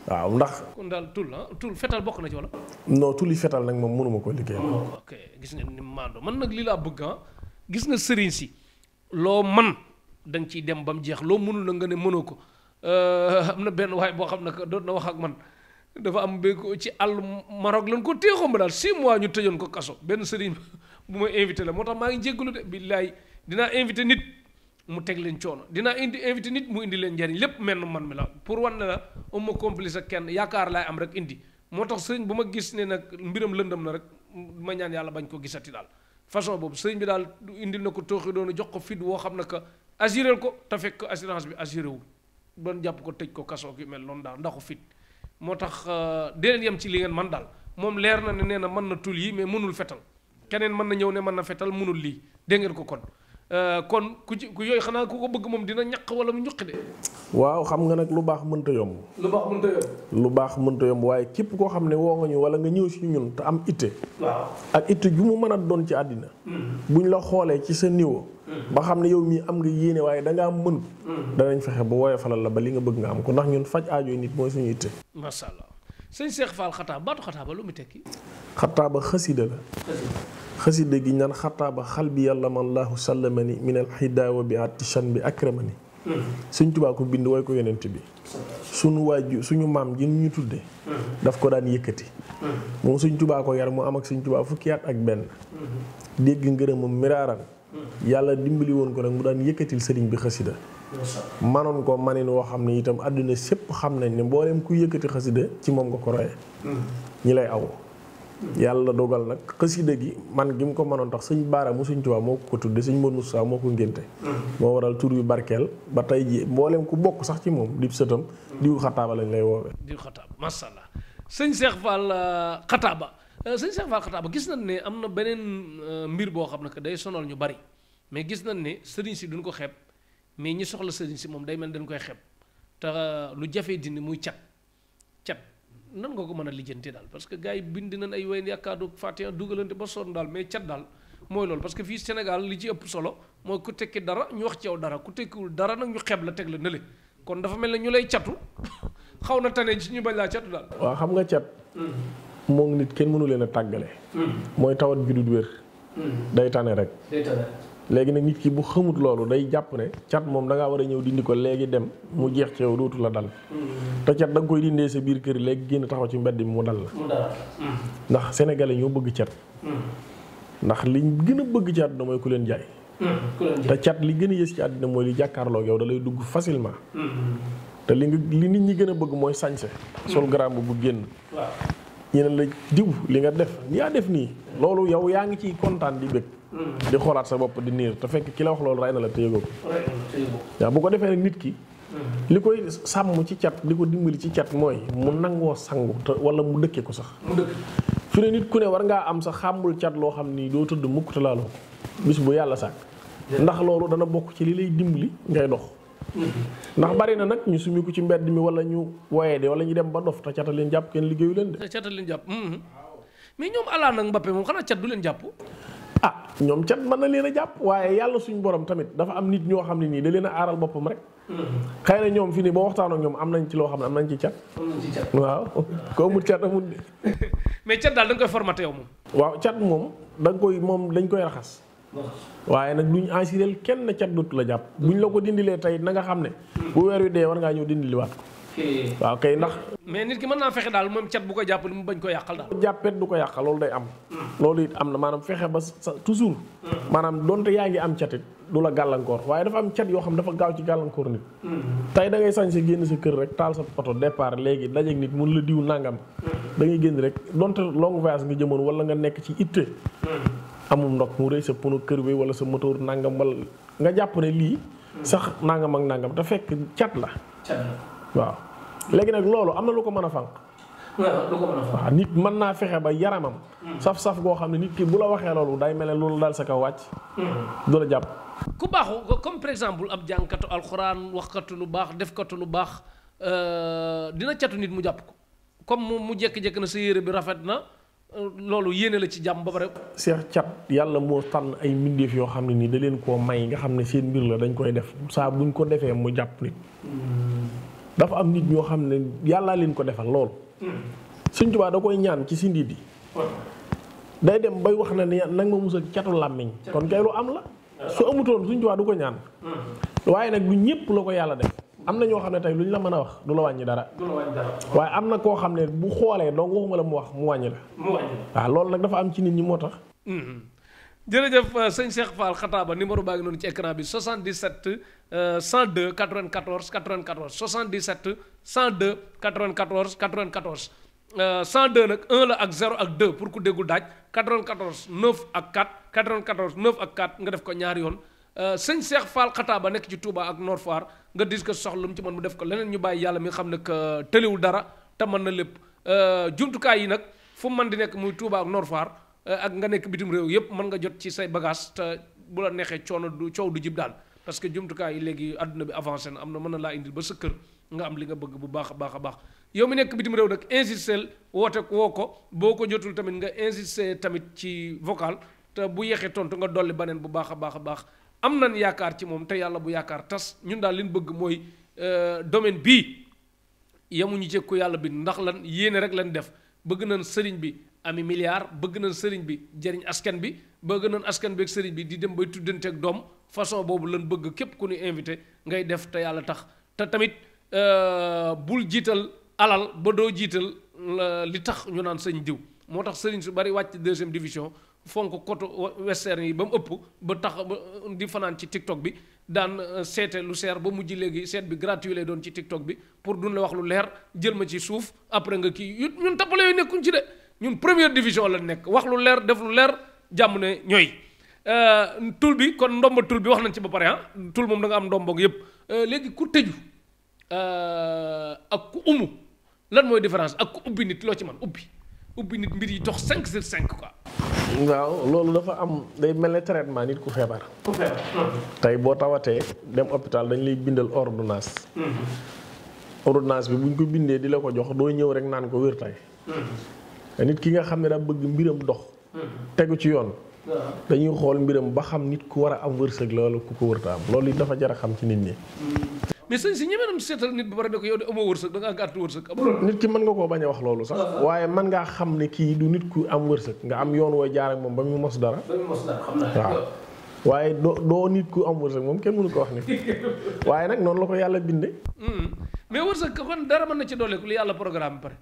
waaw ndax. kon daal tul ah tul fetal bokk na ci wala. non tuli fetal nag moom mënuma ko liggéey. Oh, ok gis nga ni maandoo man nag li laa bëgg ah gis nga sëriñ si loo man da nga ciy dem ba mu jeex loo mënul na nga ne mënoo ko Euh, am na benn waay boo xam ne doon na wax ak man dafa am ba ci àll Maroc lañ ko téexoon ba daal six mois ñu tëjoon ko kaso benn sëriñ bu ma invité la moo tax maa ngi jéggalu de billaay dinaa invité nit mu teg leen coono dinaa indi invité nit indi leen njariñ lépp mel na man mi la pour wan ne la am kenn yaakaar laay am rek indi moo tax sëriñ bu ma gis ne nag mbiram lëndam na rek mañaan yàlla bañ ko gisati daal façon boobu sëriñ bi daal indi na ko tooxi doonu jox ko fit woo xam na que assuré ko te fekk assurance bi assuré wu ban jàpp ko tëj ko kasoog yu mel noonu daal ndaxu fit moo tax euh, dee yem ci li ngeen man daal moom leer na ne nee na mën na tul yi mais mënul fetal keneen mën na ñëw ne mën na fetal mënul lii dégg ngeen ko kon Euh, kon ku ci ku yooyu xanaa ku ko bëgg moom dina ñaq wala mu ñuqi de. waaw xam nga nag lu baax mënta yomb. lu baax mënta yomb. lu baax mënta yomb waaye képp koo xam ne woo nga ñu wala nga ñëw si ñun am itte. waaw ak itte ju mën a doon ci àddina. Mm-hmm. buñ la xoolee ci sa niveau. Mm-hmm. ba xam ne yow mii am nga yéene waaye da ngaa mën. Mm-hmm. danañ fexe bu wooyee falal la ba li nga bëgg nga am ko ndax ñun faj aajo nit mooy suñu itte. macha allah sëñ Cheikh alxataa xataa baatu xataa ba lu mu tekki. xataa ba xasida la. xasida gi ñaan ba xal bi yàlla man laahu sallamani min alxidaawa bi at attishan bi akramani suñ tubaa ko bind woy ko yonent bi suñu waaju suñu maam ji ñu tudde daf ko daan yëkkati moom suñ tubaa ko yar mu am ak suñ tubaa fukki at ak benn dégg ngërëmam miraaran yàlla dimbali woon ko nag mu daan yëkkatil sëriñ bi xasida manoon ko manin woo xam ne itam àdduna sépp xam nañ ne mboolem ku yëkkati xasida ci moom nga ko roye ñi lay aw yàlla dogal nag xasida gi man gi mu ko manoon tax sëñ baara mu sëñ Tuubaa moo ko ko tudde sëñ Mor Moussa moo ko ngénte mm-hmm. moo waral tur yu barkeel ba tey ji mboolem ku bokk sax ci moom dib sëtam diw xataaba lañ lay woowee diw xataaba masha Allah sëñ Cheikh Fall euh, xataaba euh, sëñ Cheikh Fall xataaba gis nañ ne am na beneen euh, mbir boo xam ne que day sonal ñu bari mais gis nañ ne sëriñ si duñ ko xeeb mais ñi soxla sëriñ si moom day mel dañ koy xeeb te lu jafee dindi muy cat nan nga ko mën a lijjanti daal parce que gars yi bind nañ ay way yàkkaadu fàtte ah, dugalante ba sonn daal mais cat daal mooy loolu parce que fii Sénégal li ci ëpp solo mooy ku tekki dara ñu wax ci yow dara ku tekkiwul dara nag ñu xeeb la teg la nële kon dafa mel ne ñu lay catu xaw na tane ci ñu bañ laa catu daal. waa xam nga cat. Hmm. moom nit kenn mënu leen a tàggale. Hmm. mooy tawat ju du wér. Hmm. day tane rek. léegi nag nit ki bu xamut loolu day jàpp ne cat moom da war a ñëw dindi ko léegi dem mu jeex ci yow dootu la dal mm-hmm. te cat da nga koy dindee sa biir kër léegi génn taxaw ci mbedd mi mu dal la mm. ndax sénégalais ñoo bëgg cat mm. ndax liñ gën a bëgg ci àdduna mooy ku leen jaay mm. te cat li gën a yës ci àddina mooy li jàkkaarloo yow dalay dugg facilement mm-hmm. te li nga li nit ñi gën a bëgg mooy sañse sol gramme bu génn ñeneen la diw li nga def yaa def nii loolu yow yaa ngi ciy kontaan di bëgg di xoolaat sa bopp di niir te fekk ki la wax loolu rey na la te yëgoo ko bu ko defee nag nit ki mm-hmm. li koy sàmm ci cat li ko dimbali ci cat mooy mu nangoo sangu te wala mu dëkkee ko sax fi ne nit ku ne war ngaa am sa xàmbul cat loo xam ni doo tëdd mukk te laaloo ko bis bu yàlla sàkk ndax loolu dana bokk ci li lay dimbali ngay dox mm-hmm. ndax bari na nag ñu sumi ci mbedd mi wala ñu woyee de wala ñu dem ba dof te cata leen jàpp kenn liggéeyu leen de cata leen jàpp mm-hmm. mais ñoom alaa nag Mbappé cat du leen jàpp ah ñoom cat man na leen a jàpp waaye yàlla suñ borom tamit dafa am nit ñoo xam ne nii da leen a aaral boppam rek. xëy na ñoom fi nii boo waxtaanoo ak ñoom am nañ ci loo xam ne am nañ ci cat. waaw koo mut cat amul. mais da nga koy formaté yow moom. waaw moom da nga koy moom dañ koy raxas. waaye nag duñ assuré kenn cat dootu la jàpp. buñ la ko dindilee tey na nga xam ne. bu weer wi dee war ngaa ñëw dindiliwaat waaw kay ndax. mais nit ki mën naa fexe daal moom cat bu ko jàpp mu bañ ko yàqal daal. jàppet du ko yàqal loolu day am. Hmm. loolu it am na maanaam fexe ba sa toujours. Hmm. maanaam donte yaa ngi am catit du la gàllankoor waaye dafa am cat yoo xam dafa gaaw ci gàllankoor nit. Hmm. tey da ngay sañ si génn sa kër rek taal sa poto départ léegi dajeeg nit mun la diw nangam. da génn rek donte long voyage nga jëmoon wala nga nekk ci itte. amul ndox mu rëy sa pono kër bi wala sa moteur nangam wala nga jàpp lii. sax nangam ak nangam te fekk cat la. waaw léegi nag loolu am na lu ko mën a fànq. nit mën naa fexe ba yaramam. Mm. saf-saf goo xam ne nit ki bu la waxee loolu day mel ne loolu daal sa kaw wàcc. Mm-hmm. du la jàpp. ku baaxu comme par exemple ab jàngkatu alxuraan wax kat lu baax def defkatu lu baax euh, dina catu nit mu jàpp ko comme mu jékki-jékki na sa yére bi rafet na. Euh, loolu yéene la ci jàmm ba pare. Cheikh Cat yàlla moo tànn ay mbindeef yoo xam ne nii da leen koo may nga xam ne seen mbir la dañ koy def saa buñ ko defee mu jàpp dafa am nit ñoo xam ne yàllaa leen ko defal lool. Sëñ Tuubaa da koy ñaan ci si ndiit yi day dem bay wax na ne nag ma musal catu làmmiñ kon kay lu am la su amutoon Sëñ Tuubaa du ko ñaan waaye nag du ñëpp la ko yàlla def am na ñoo xam ne tey lu ñu la mën a wax du la wàññi dara waaye am na koo xam ne bu xoolee donc waxuma la mu wax mu wàññi la waaw loolu nag dafa am ci nit ñi moo tax mm-hmm. jërëjëf euh, sëñ Cheikh Fall Xataaba numéro baa ngi noonu ci écran bi 77 102 94 94 77 102 94 94 102 nag 1 la ak 0 ak 2 pour ku déggul daaj 94 9 ak 4 94 9 ak 4 nga def ko ñaari yoon euh, sëñ Cheikh Fall Xataaba nekk ci Touba ak Nord Foire nga dis ko soxla mu ci mën mu def ko leneen ñu bàyyi yàlla mi xam ne que euh, tëliwul dara te mën na lépp jumtukaay yi nag fu mu mën di nekk muy Touba ak Nord Foire Euh, ak nga nekk bitim réew yëpp mën nga jot ci say bagage te bu la neexee coono du coow du jib daal parce que jumtukaay yi léegi àdduna bi avancé na am na mën na laa indi ba sa kër nga am li nga bëgg bu baax a baax a baax yow mi nekk bitim réew nag insistel woote woo ko boo ko jotul tamit nga insisté tamit ci vocal te bu yeexee tontu nga dolli baneen bu baax a baax a baax am nañ yaakaar ci moom te yàlla bu yaakaar tas ñun daal lin bëgg mooy euh, domaine bii yamuñu jëkku yàlla bi ndax lan yéene rek lan def bëgg na sëriñ bi ami milliard bëgg nañ sëriñ bi jëriñ askan bi bëgg nañ askan bi ak sëriñ bi di dem bay tuddante ak doom façon boobu lan bëgg képp ku ñu invité ngay def te yàlla tax te tamit euh, bul jiital alal ba doo jiital li tax ñu naan sëñ diw moo tax sëriñ su bari wàcc deuxième division fonk kotu western yi ba mu ëpp ba tax di fanaan ci tiktok bi daan euh, seete lu seer ba mujj léegi seet bi gratuit lay doon ci tiktok bi pour duñ la wax lu leer jël ma ci suuf après nga kii ñun tappale ci de ñun première division la nekk wax lu leer def lu leer jàmm ne ñooy euh, tul bi kon ndomba tul bi wax nañ ci ba pare ah tul moom da nga am ndomboog yépp euh, léegi ku tëju euh, ak ku umu lan mooy difference ak ku ubbi nit loo ci man ubbi ubbi nit mbir yi dox cinq cinq 5 quoi. waaw loolu dafa am day mel ne traitement nit ku feebar. ku tey boo tawatee dem hôpital dañ lay bindal ordonnance. Mm-hmm. ordonnance bi buñ ko bindee di la ko jox dooy ñëw rek naan ko wér tey. Mm-hmm. nit ki nga xam ne daa bëgg mbiram dox. tegu ci yoon. dañuy xool mbiram ba xam nit ku war a am wërsëg loolu ku ko wërta am loolu dafa jar a xam ci nit ñi. mais si ñemee nit ba pare ne ko yow de amoo wërsëg da ngaa gàtt wërsëg. nit ki mën nga koo bañ a wax loolu sax. Ah. waaye mën ngaa xam ne kii du nit ku am wërsëg nga am yoon wooy jaar moom ba mu mos dara. dara waaw. waaye doo doo nit ku am wërsëg moom kenn mënu ko wax nit waaye nag noonu la ko yàlla bindee. Hmm. mais wërsëg kon dara mën na ci dooleeku li yàlla programme pare.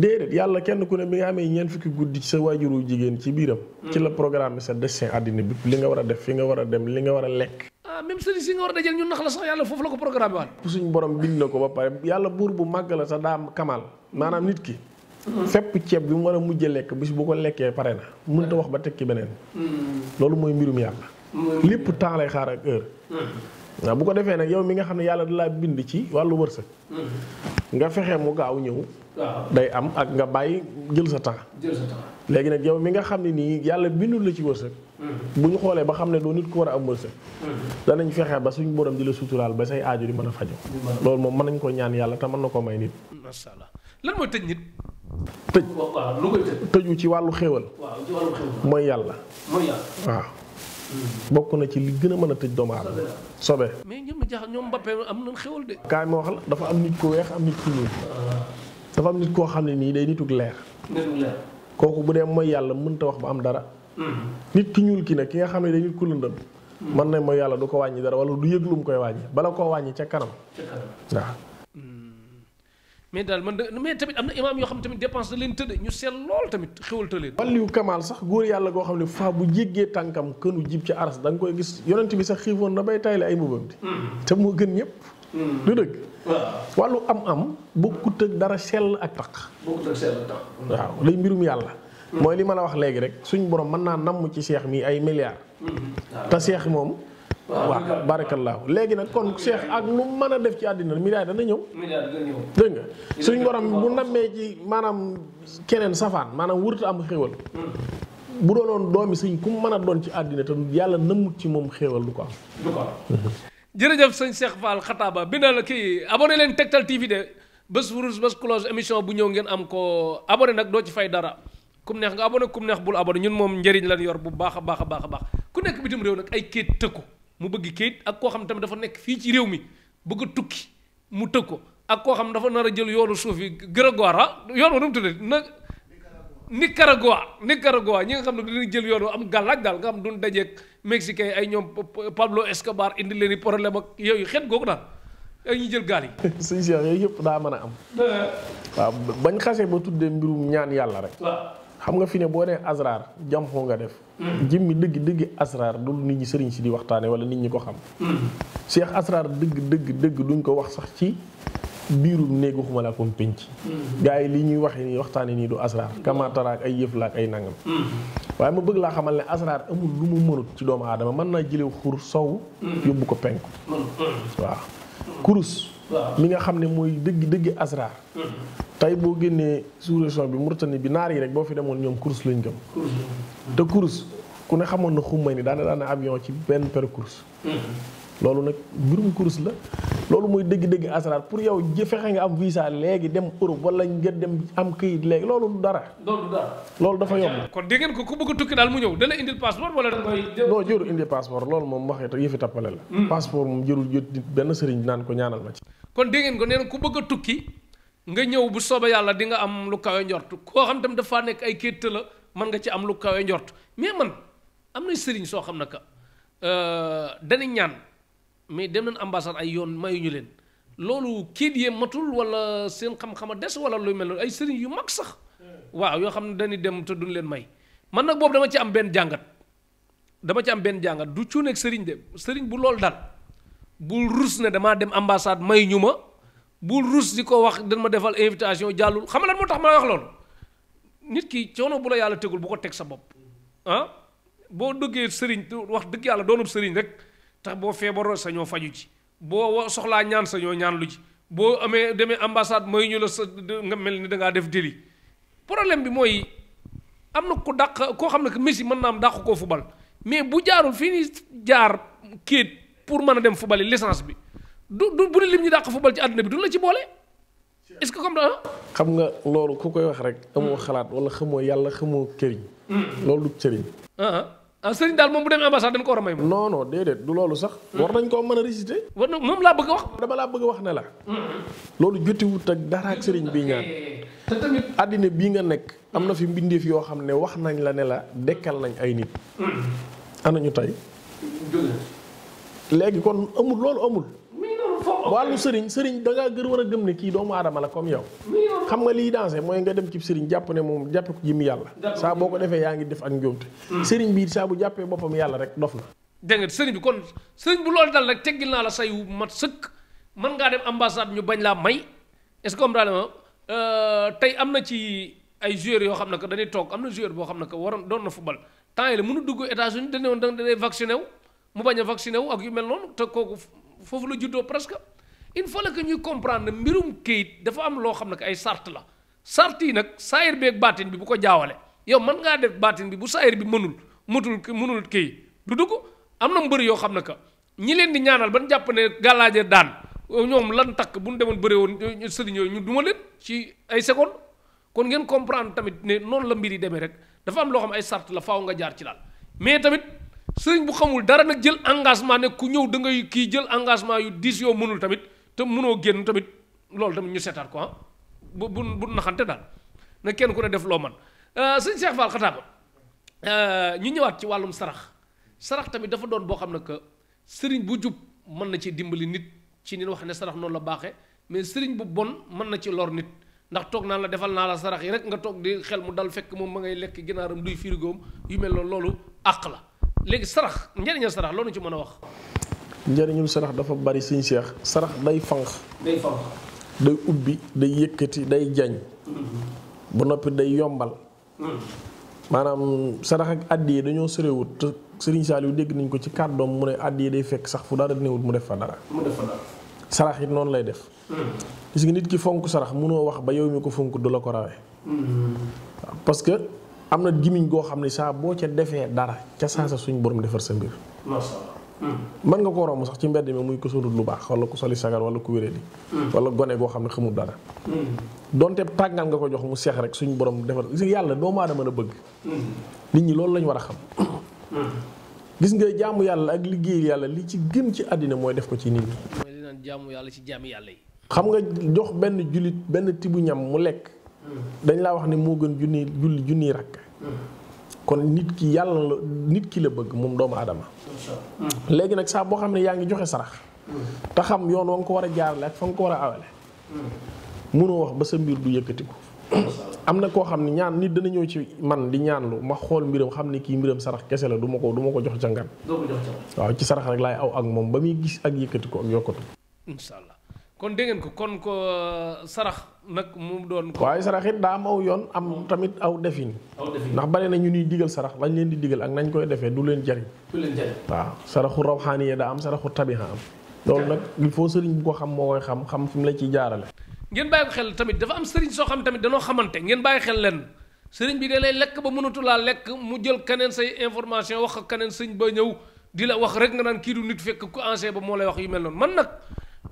déedéet yàlla kenn ku ne bi nga amee ñeent fukki guddi ci sa waajuru jigéen ci biiram. Mm. ci la programme sa destin àddina bi li nga war a def fi nga war a dem li nga war a lekk. ah même sëriñ si nga war a dajal ñun nax la sax yàlla foofu la ko programme waat. suñu borom bind na ko ba pare yàlla buur bu màgg la sax daa kamal maanaam nit ki. Mm. fépp ceeb bi mu war a mujj lekk bis bu ko lekkee pare na mënut a wax ba tekki beneen. Mm. loolu mooy mbirum yàlla. temps lay xaar ak waaw bu ko defee nag yow mi nga xam ne yàlla da laa bind ci wàllu wërsëg. Mm-hmm. nga fexe mu gaaw ñëw. day am ak nga bàyyi jël sa temps. jël léegi nag yow mi nga xam ne nii yàlla bindul la ci wërsëg. Mm-hmm. bu ñu xoolee ba xam ne doo nit ku war a am wërsëg. Mm-hmm. danañ fexe ba suñu borom di la suturaal ba say aaju di mën a fajo loolu moom mën nañ ko ñaan yàlla te mën na ko may nit. macha allah lan mooy tëj nit. tëj waaw tëju ci wàllu xéewal. waaw mooy yàlla. mooy bokk na ci li gën a mën a tëj doomu aadama sobe mais ñoom jaaxal ñoom Mbappé am nañ xewal de. kaay ma wax la dafa am nit ku weex am nit ku ñuul. Ah. dafa am nit koo xam ne nii day nitug leer. kooku bu dee mooy yàlla mënta wax ba am dara. Mm-hmm. nit ki ñuul ki na ki nga xam ne day nit ku lëndëm. mën mm-hmm. nañ mooy yàlla du ko wàññi dara wala du yëg lu koy wàññi bala koo wàññi ca kanam. waaw mais daal man de mais tamit am na imaam yoo xam tamit dépense da leen tëdd ñu seet lool tamit xéwal tëleen. wàllu Kamaal sax góor yàlla goo xam ne faa bu jéggee tànkam kënu jib ci aras da nga koy gis yonent bi sax xiifoon na bay tayle ay mbubbam di hmm. te moo gën ñëpp. Hmm. du dëgg. wàllu am-am bokkut ak dara sel ak taq. ak taq. waaw lay mbirum yàlla. Hmm. mooy li ma la wax léegi rek suñu borom mën naa namm ci seex mi ay milliards. te seex moom. waaw barakallahu léegi nag kon Cheikh ak lu mën a def ci àddina milliard dana ñëw. milliard dana ñëw. dégg nga suñu borom bu nammee ci maanaam keneen safaan maanaam wurtu am xéwal. Hmm. bu doonoon doomi suñ ku mën a doon ci àddina te yàlla nëmmut ci moom xéewal du ko am. du ko am. Hmm. jërëjëf sëñ Cheikh Fall Xataaba bi na la kii abonné leen Tektal TV de bés rouge bés close émission bu ñëw ngeen am ko abonné nag doo ci fay dara. kum neex nga abonné kum neex bul abonné ñun moom njëriñ lan yor bu baax a baax a baax a baax ku nekk bitim réew nag ay kéet tëkku. mu bëgg kayit ak koo xam ne tamit dafa nekk fii ci réew mi bëgg a tukki mu tëg ko ak koo xam ne dafa nar a jël yoonu suuf yi Grégoire ah, yoon wa nu mu tuddee na Nicaragua Nicaragua ñi nga xam ne dañuy jël yoon wa am gàllaaj daal nga xam duñ dajeeg mexicain ay ñoom Pablo Escobar indi leen i problème ak yooyu xet googu daal ak ñuy jël gaal yi suñ si yooyu yëpp daa mën a am waaw bañ xasee ba tuddee mbirum ñaan yàlla rek xam nga fi ne boo dee asraar jam nga def. Hmm. jëmmi dëgg dëgg asraar du nit ñi sëriñ si di waxtaane wala nit ñi ko xam. seex hmm. asraar dëgg dëgg dëgg duñ ko wax sax ci biiru néegu xuma laa kon pénc. Hmm. yi li ñuy waxee nii waxtaane nii du asraar kamataraak ay yëf laa ak ay nangam. waaye ma bëgg laa xamal ne asraar amul lu mu mënut ci doomu aadama mën naa jëlee xur sow. yóbbu ko penku. waaw kurus. mi nga xam ne mooy dëgg dëgg asraar mhm. tey boo génnee sous-région bi Mauritanie bi naar yi rek boo fi demoon ñoom course lañ gëm te course ku ne xamoon na xummay ni daana daana avion ci benn per course mhm. loolu nag mbirum course la loolu mooy dëgg-dëgg asraar pour yow fexe nga am visa léegi dem Europe wala nga dem am këyit léegi loolu dara. loolu dara loolu dafa yomb. kon dégg ngeen ko ku bëgg a tukki daal mu ñëw dana indil passeport loolu moom waxee yëfi tappale la. Hmm. passeport moom jërul jot benn sëriñ naan ko ñaanal ma ci. kon dégg ngeen ko nee na ku bëgg a tukki nga ñëw bu soobee yàlla di nga am lu kawe njort koo xam tam dafa nekk ay kétt la man nga ci am lu kawe njort mais man am na sëriñ soo xam ne que euh, dañu ñaan mais dem nañ ambassade ay yoon mayuñu leen loolu kiit yee matul wala seen xam des wala luy mel ay sëriñ yu mag sax waaw yoo xam ne dañuy dem duñ leen may man nag boobu dama ci am benn jàngat dama ci am benn jàngat du cuuneeg sëriñ de sëriñ bu loolu dal bul ruus ne damaa dem ambassade may ñu ma bul rus di ko wax dañ ma defal invitation jàllul xam nga lan moo tax ma wax loolu nit ki coono bu la yàlla tegul bu ko teg sa bopp ah boo dëggee sëriñ wax dëgg yàlla doonub sëriñ rek tax boo feebaroo sañoo faju ji boo soxlaa ñaan sañoo ñaan lu ci boo amee demee ambassade may ñu la sa nga mel ni dangaa def déli problème bi mooy am na ku dàq koo xam ne que Messi mën naa am dàq koo fubal mais bu jaarul fii ni jaar kéet pour mën a dem football lissance bi du du bu ne lim ñu dàq football ci àdduna bi du la ci boole. est-ce que comme xam nga loolu ku koy wax rek. amoo xalaat wala xamoo yàlla xamoo këriñ. Hmm. loolu du këriñ. Ah, ah. ah sëriñ daal moom bu demee ambassade dañ ko war a may. non non déedéet du loolu sax. Hmm. war nañ koo mën a réciter. war na moom laa bëgg a wax. dama laa bëgg a wax ne la. Hmm. loolu jotiwut ak dara ak sëriñ bi ñaan. àddina bii nga nekk. am na fi mbindeef yoo xam ne wax nañ la ne la dekkal nañ ay nit. ana ñu léegi kon amul loolu amul. wàllu sëriñ sëriñ da ngaa gër war a gëm ne kii doomu aadama la comme yow. xam nga liy dansé mooy nga dem ci sëriñ jàpp ne moom jàppe ko jëm yàlla. saa boo ko defee yaa ngi def ak njuumte. Hmm. sëriñ bi saa bu jàppee boppam yàlla rek dof na. dégg nga sëriñ bi kon sëriñ bu loolu dal rek teggil naa la say mat sëkk mën ngaa dem ambassade ñu bañ laa may est-ce que am naa euh, tey am na ci ay joueurs yoo xam ne que dañuy toog am na joueur boo waroon doon na football temps yi la mënu wu mu bañ a vacciné wu ak yu mel noonu te kooku foofu la juddoo presque il faut que ñuy comprendre mbirum kayit dafa am loo xam ne ay sart la sart yi nag saayir bi ak baatin bi bu ko jaawale yow mën ngaa def baatin bi bu saayir bi mënul mënul mënul kayit du dugg am na mu bëri yoo xam ne que ñi leen di ñaanal ban jàpp ne gàllaaje daan ñoom lan takk bu ñu demoon bëri woon sëriñ yooyu ñu duma leen ci ay seconde kon ngeen comprendre tamit ne noonu la mbir yi demee rek dafa loo xam ay sart la faaw nga jaar ci daal sëriñ bu xamul dara nag jël engagement ne ku ñëw da ngay kii jël engagement yu diis yoo mënul tamit te mënoo génn tamit loolu tamit ñu seetaat quoi ah. bu bu bu naxante daal na kenn ku ne def loo man euh, sëñ Cheikh Fall xataaba euh, ñu ñëwaat ci wàllum sarax sarax tamit dafa doon boo xam ne que sëriñ bu jub mën na ci dimbali nit ci nit wax ne sarax noonu la baaxee mais sëriñ bu bon mën na ci lor nit ndax toog naa la defal naa la sarax yi rek nga toog di xel mu dal fekk moom ma ngay lekk ginaaram duy firigoom yu mel noonu loolu àq la léegi sarax njëriñal sarax loolu ci mën a wax. njëriñul sarax dafa bari suñu seex sarax day fanq. day fanq day ubbi day yëkkati day jañ. Mm-hmm. ba noppi day yombal. Mm. maanaam sarax ak yi dañoo sorewut te Serigne Saliou dégg nañ ko ci kàddoom mu ne yi day fekk sax fu dara néewut mu def fa dara. mu def sarax it noonu lay def. Mm. gis nga nit ki fonk sarax mënoo wax ba yow mi ko fonk du la ko rawee. Mm-hmm. parce am na gimiñ goo xam ne saa boo ca defee dara ca saa sa suñ borom defar sa mbir. Hmm. mën nga ko mu sax ci mbedd mi muy ko solut lu baax wala ku soli sagar wala ku wéredi hmm. wala gone goo xam ne xamul dara. Hmm. donte tàngal nga ko jox mu seex rek suñ borom defar yàlla doomu aadama la bëgg. nit ñi loolu lañ war a xam. gis nga jàmm yàlla ak liggéey yàlla li ci gën ci àddina mooy def ko ci nit ñi. mooy li naan yàlla ci jaamu yàlla yi. xam nga jox benn jullit benn tibu ñam mu lekk. dañ laa wax ne moo gën junni julli junniy rakk kon nit ki yàlla la nit ki la bëgg moom doomu adama léegi nag saa boo xam ne yaa ngi joxe sarax te xam yoon wa nga ko war a jaarale ak fa nga ko war a awale mënoo wax ba sa mbir du yëkkatiku am na koo xam ne ñaan nit dana ñëw ci man di ñaanlu ma xool mbiram xam ne kii mbiram sarax kese la duma ko duma ko jox ca ngan waaw ci sarax rek laay aw ak moom ba muy gis ak yëkkatiku ak yokkatu kon dégg ko kon ko euh, sarax nag mu doon. waaye sarax it daa am yoon am mm. tamit aw defin. ndax bari na ñu ñuy digal sarax lañ leen di digal ak nañ koy defee du leen jariñ. du leen jariñ waaw saraxu rawxaani yi daa am saraxu tabixa am. loolu nag il faut sëriñ bu ko xam moo koy xam xam la ciy jaarale. ngeen bàyyi ko xel tamit dafa am sëriñ soo xam tamit danoo xamante ngeen bàyyi xel leen sëriñ bi da lay lekk ba mënatu laa lekk mu jël keneen say information wax ak keneen sëñ ba ñëw di la wax rek nga naan kii du fekk ku anse ba moo lay wax yu mel noonu man nag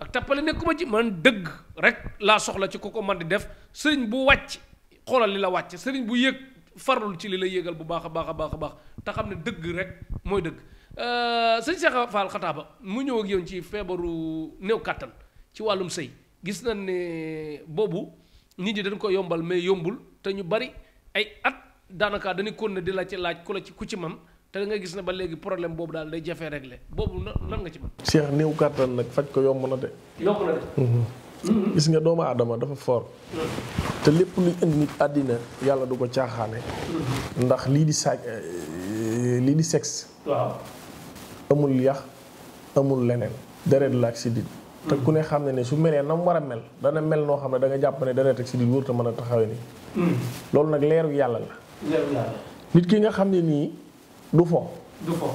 ak tappale nekkuma ci man dëgg rek laa soxla ci ku ko man di def sëriñ bu wàcc xoolal li la wàcc sëriñ bu yëg farlul ci li la yéegal bu baax a baax a baax a baax te xam ne dëgg rek mooy dëgg euh, sëñ Cheikh Fall Xataaba mu ñëw ak yoon ci feebaru néew kàttan ci wàllum sëy gis na ne boobu nit ñi dañ ko yombal mais yombul te ñu bari ay at daanaka dañu kon ne di la ci laaj ku la ci ku ci man te da nga gis ne ba léegi problème boobu daal day jafee réglé boobu lan nga ci mën. Cheikh néew kàttan nag faj ko yomb na de. yomb na mm-hmm. gis nga doomu aadama dafa fort. te lépp luy indi àddina yàlla du ko caaxaane. Mm-hmm. ndax lii di sa euh, lii di sex waaw amul yax amul leneen. deret la ak sidit te ku ne xam ne ne su melee na mu war a mel dana mel noo xam ne da nga jàpp ne deret ak sidit wóor te mën a taxawee nii. Mm. loolu nag leeru yàlla la. nit ki nga xam ne nii. du fo. du fo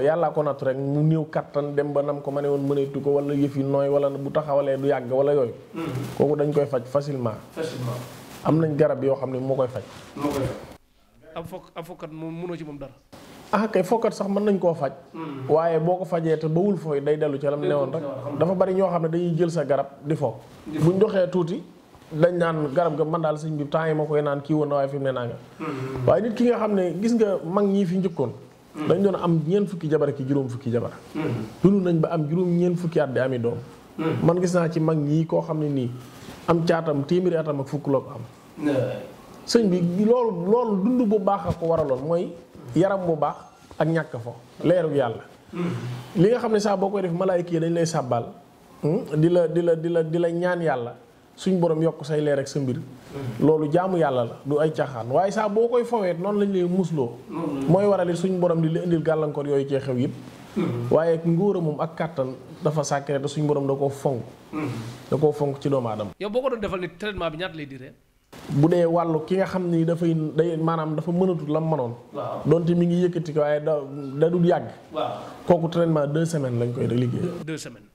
du yàllaa ko natt rek mu néew kattan dem ba nam ko ma ne woon mëneetu ko wala yëf yi nooy wala bu taxawalee du yàgg wala yooyu. Mm-hmm. kooku dañ koy faj facilement. am nañ garab yoo xam ne moo koy faj. moo koy faj. ab fo ab fokkat moom mënoo ci ah, sax mën nañ koo faj. Mm-hmm. waaye boo ko fajee te bawul fooy day dellu ca lam newoon rek. dafa bari ñoo xam ne dañuy jël sa garab di fo. buñ doxee tuuti. dañ naan garab ga man daal sëñ bi temps yi ma koy naan kii woon na waaye fi mu ne naa nga mm-hmm. waaye nit ki nga xam ne gis nga mag ñii fi njëkkoon mm-hmm. dañ doon am ñeent fukki jabar ki juróom fukki jabar mm-hmm. dund nañ ba am juróom fukki at di ami doom man gis naa ci mag ñii koo xam ne nii am caatam téeméeri atam ak fukk la ko bi loolu dund bu baax a ko waraloon mooy yaram bu baax ak ñàkk fo leeru yàlla li nga xam ne saa boo koy def malaayka kii dañ lay sàbbal hmm, di la di la di la di la ñaan yàlla suñ borom yokk say leer ak sa mbir mm-hmm. loolu jaamu yàlla la du ay caaxaan waaye saa boo koy foweet noonu lañ lay musloo mm-hmm. mooy warali suñ borom di la indil gàllankoor yooyu cee xew yëpp mm-hmm. waaye ngóora moom ak kàttan dafa sàkkare te suñ borom da koo fonk da koo fonk ci doomu aadama yow boo ko doon defal traitement bi ñaata lay diree bu dee wàllu ki nga xam ni dafay day maanaam dafa mënatul la mënoon donte mi ngi yëkkati ko waaye da da dul yàgg kooku traitement de semaine lañ koy liggéey deux semaines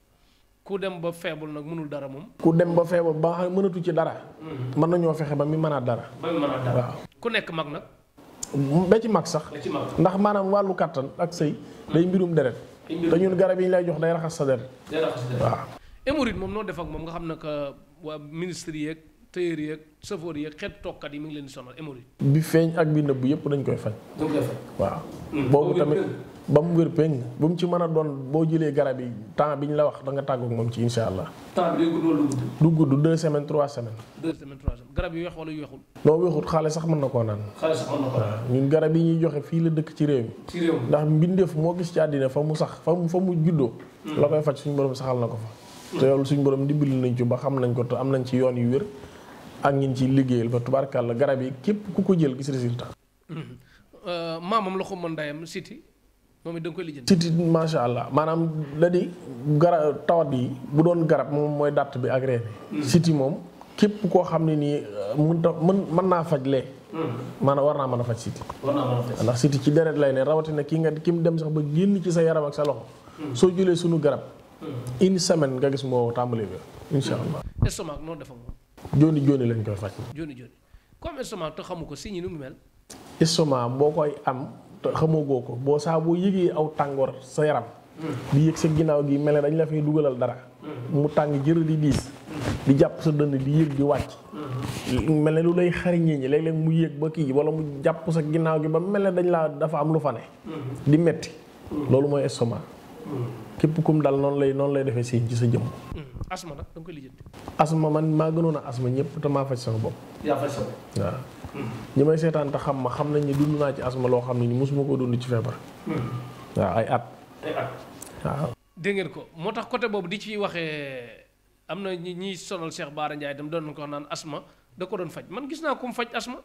ku dem ba feebul nag mënul dara moom. ku dem ba feebul ba xam mënatu ci dara. mën nañoo fexe ba mi mënaat dara. ba mi mënaat dara waaw. ku nekk mag nag. ba ci mag sax. ndax maanaam wàllu kàttan ak sëy day mbirum deret. te ñun garab yi ñu lay jox day raxas sa deret. day raxas sa deret waaw. hémorroïde moom noo def ak moom nga xam ne que waa ministre yeeg tailleur yeeg chauffeur yeeg xeet tokkat yi mi ngi leen di sonal hémorroïde. bi feeñ ak bi nëbb yëpp dañ koy faj. dañ koy faj waaw. Hmm. boobu tamit ba mu wér péng bu mu ci mën a doon boo jëlee garab yi temps bi ñu la wax da nga tàggoog moom ci insha allah. temps bi gudd wala du gudd. du gudd deux semaines trois semaines. deux semaines trois semaines garab yu weex wala yu weexul. noo weexut xaale sax mën na koo naan. xaale ñun garab yi ñuy joxe fii la dëkk ci réew mi. ci ndax mbindeef moo gis ci àddina fa mu sax fa mu fa mu juddoo. Hmm. la koy faj suñu borom saxal na ko fa. te yow suñu borom dimbali nañ ci ba xam nañ ko te am nañ ci yoon yu wér ak ñin ci liggéeyal ba tubaarkàlla garab yi képp ku ko jël gis résultat hmm. euh, maamam la ko mën ndayam siti moom it da nga koy lijjanti. ci macha allah maanaam la di garab tawat yi bu doon garab moom mooy dàtt bi ak reen hmm. siti moom képp koo xam ne nii euh, mënut a mën mën naa faj le hmm. maanaam war naa mën a faj siti. war ndax siti ci deret lay ne rawatina ki nga ki mu dem sax ba génn ci sa yaram ak sa loxo. Hmm. soo jëlee sunu garab. une semaine nga gis moo tàmbali bi incha allah. estomac noonu dafa moom. jooni jooni lañ koy faj. jooni jooni comme estomac te xamu ko si ñi nu mu mel. estomac boo koy am. te xamagoo ko boo saaboo boo yëgee aw tàngoor sa yaram mm. di yëg sa ginnaaw gi mel na dañ la fay dugalal dara mm. mu tàng jër di diis mm. di jàpp sa dënn di yëg di wàcc mm-hmm. mel ne lu lay xariñee ñi léeg-léeg mu yéeg ba kii wala mu jàpp sa ginnaaw gi ba mel ne dañ laa dafa am lu fane ne mm-hmm. di metti loolu mooy estomac képp kum dal noonu lay noonu lay defee siiñ ci sa jëmm. Hmm. asma nag da nga koy lijjanti. asma man maa gënoon a asma ñëpp te maa faj sama bopp. waaw. Hmm. may seetaan xam ma xam nañ ne dund naa loo xam ne ni mosuma ko dund ci feebar. Hmm. waaw ay at. waaw. dégg ko moo tax côté boobu di ci waxee am na ñi ñiy sonal Cheikh Baara Ndiaye dem doon ko wax naan asma da ko doon faj man gis naa kom faj asma.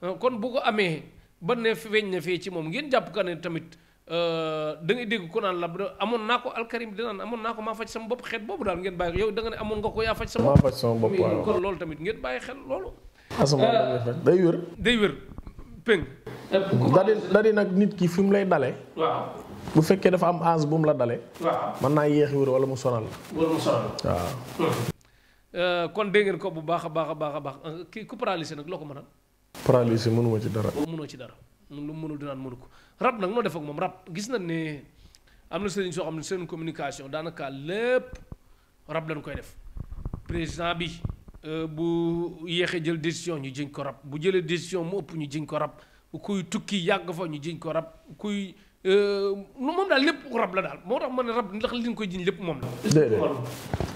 Uh-huh. kon bu ko amee ba ne feeñ na fee ci moom ngeen jàpp ka ne tamit. Euh, da ngay dégg ko naan la amoon naa ko alkarim dinaan amoon naa ko maa faj sama bopp xeet boobu daal ngeen bàyyi yow da nga ne amoon nga ko yaa faj sama bopp kon loolu tamit ngeen bàyyi xel loolu ah, euh, day wér day wér péng dadi dadi nag nit kii fi mu lay dale waaw bu fekkee dafa am âge bu mu la dale waaw mën naa yéex wér wala mu sonal la waaw euh, kon dégg ko bu baax a baax a baax a baax kii ku paralysé nag loo ko mënal paralysé mënuma ci dara mënoo ci dara lu mënul dinaan mënu ko rab nag moo def moom rab gis nañ ne am na sëriñ soo xam ne seen communication daanaka lépp rab lañ koy def président bi euh, bu yéexee jël décision ñu jiñ ko rab bu jëlee décision mu ëpp ñu jiñ ko rab kuy tukki yàgg fa ñu jiñ ko rab kuy euh, moom daal lépp rab la daal moo tax ma ne rab ndax li nga koy jiñ lépp moom la. déedéet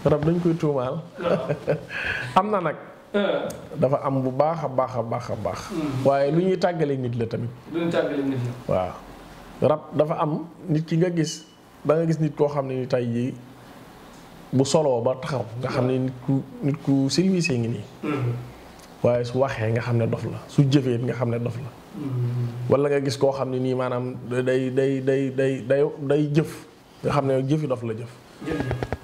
rab dañ koy tuumaal am na nag. dafa am bu baax a baax a baax a baax. Hmm. waaye lu ñuy tàggale nit la tamit. lu rab dafa am nit ki nga gis da gis nit koo xam ne tey jii bu soloo ba taxaw nga xam ne nit ku nit ku service ngi nii. Hmm. waaye su waxee nga xam ne dof la su jëfee nga xam ne dof la. Hmm. wala nga gis koo xam ne nii maanaam day day day day day day jëf nga xam ne jëfi dof la jëf.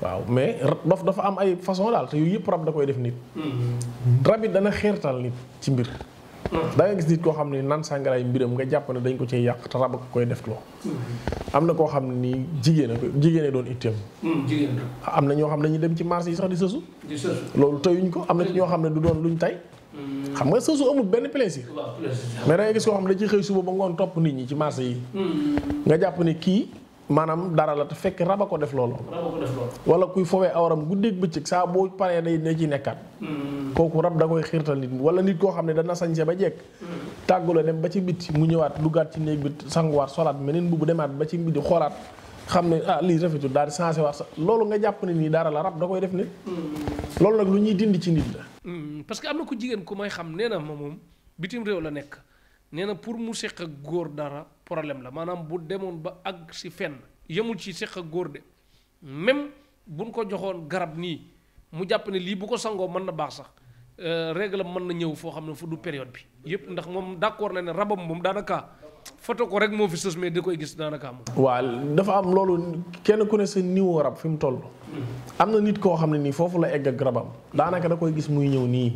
waaw mais dof dafa am ay façon daal te yooyu yëpp rab da koy def nit. Mm-hmm. rab it dana xeertal nit ci mbir. Mm-hmm. da nga gis nit koo xam ne nan sàngaraay mbiram nga jàpp ne dañ ko cee yàq te rab ko koy def mm-hmm. am na koo xam ne jigéen a jigéen a doon mm, am na ñoo xam ne dañuy dem ci marché yi sax di sësu. di te loolu ko am na ci ñoo xam ne du doon luñ tey. Mm. xam nga sësu amul benn plaisir. mais da gis koo xam ne da ciy xëy suba ba ngoon topp nit ñi ci marché yi. Mm. nga jàpp ne kii. maanaam dara la te fekk rab a ko def loolu. wala kuy fowee awram guddeeg bëccëg saa boo paree day ne ci nekkaat. Hmm. kooku rab da koy xiirtal nit wala nit koo xam ne dana sañse ba jekk. Hmm. tàggu dem ba ci biti mu ñëwaat duggaat ci néeg bi sanguwaat solaat meneen bu bu demaat ba ci biti xoolaat xam ne ah lii rafetul daal di changé waat sax loolu nga jàpp ne nii dara la rab da koy def nit. Hmm. loolu nag lu ñuy dindi ci nit la. parce que am na ko jigéen ku may xam nee na ma moom bitim réew la nekk nee na pour mu seq ak góor dara. problème la maanaam bu demoon ba ak si fenn yemul ci seq ak góor de même buñ ko joxoon garab nii mu jàpp ne lii bu ko sangoo mën na baax sax euh, règle mën na ñëw foo xam ne fu du période bi yépp ndax moom d'accord na ne rabam moom daanaka foto ko rek moo fi sës mais di koy gis daanaka am. waaw dafa am loolu kenn ku ne sa niveau rab fi mu toll. am na nit koo xam ne nii foofu la egg ak rabam daanaka da koy gis muy ñëw nii.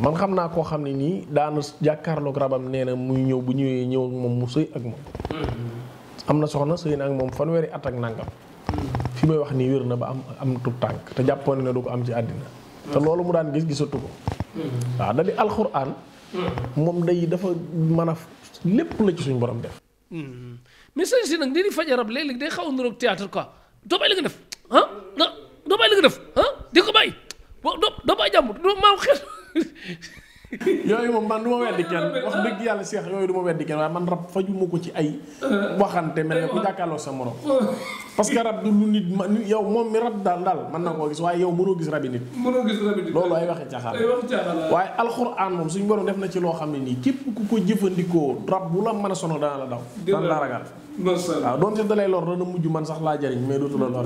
man xam naa koo xam ne nii daana jàkkaarloog rabam nee na muy ñëw bu ñëwee ñëw moom mu sëy ak moom. am na soxna sëy na ak moom fanweeri at ak nangam. fi may wax nii wér na ba am am tub tànk te jàppoon na du ko am ci àddina. te loolu mu daan gis gisatu ko. Hmm. waaw da di alxuraan. Hmm. lépp la ci suñu borom def. Hmm. mais sëñ si nag lii di faj rab léeg-léeg day xaw a niroog théâtre quoi doo bàyyi li nga def ah def ah di ko bàyyi boo doo doo bàyyi jàmm doo maa yooyu moom man du ma weddi kenn wax dëgg yàlla seex yooyu du ma kenn waaye man rab fajuma ko ci ay waxante mel ne ku jàkkaarloo sa morom parce que rab du lu nit ma yow moom mi rab daal daal man na koo gis waaye yow mënoo gis rabi nit mënoo gis rabi nit loolu ay waxi caaxaan waaye alxuraan moom suñu borom def na ci loo xam ne nii képp ku ko jëfandikoo rab bu la man a sonal dana la daw dana la ragal waaw doonte dalay lor dana mujj man sax laa jariñ mais dootu la lor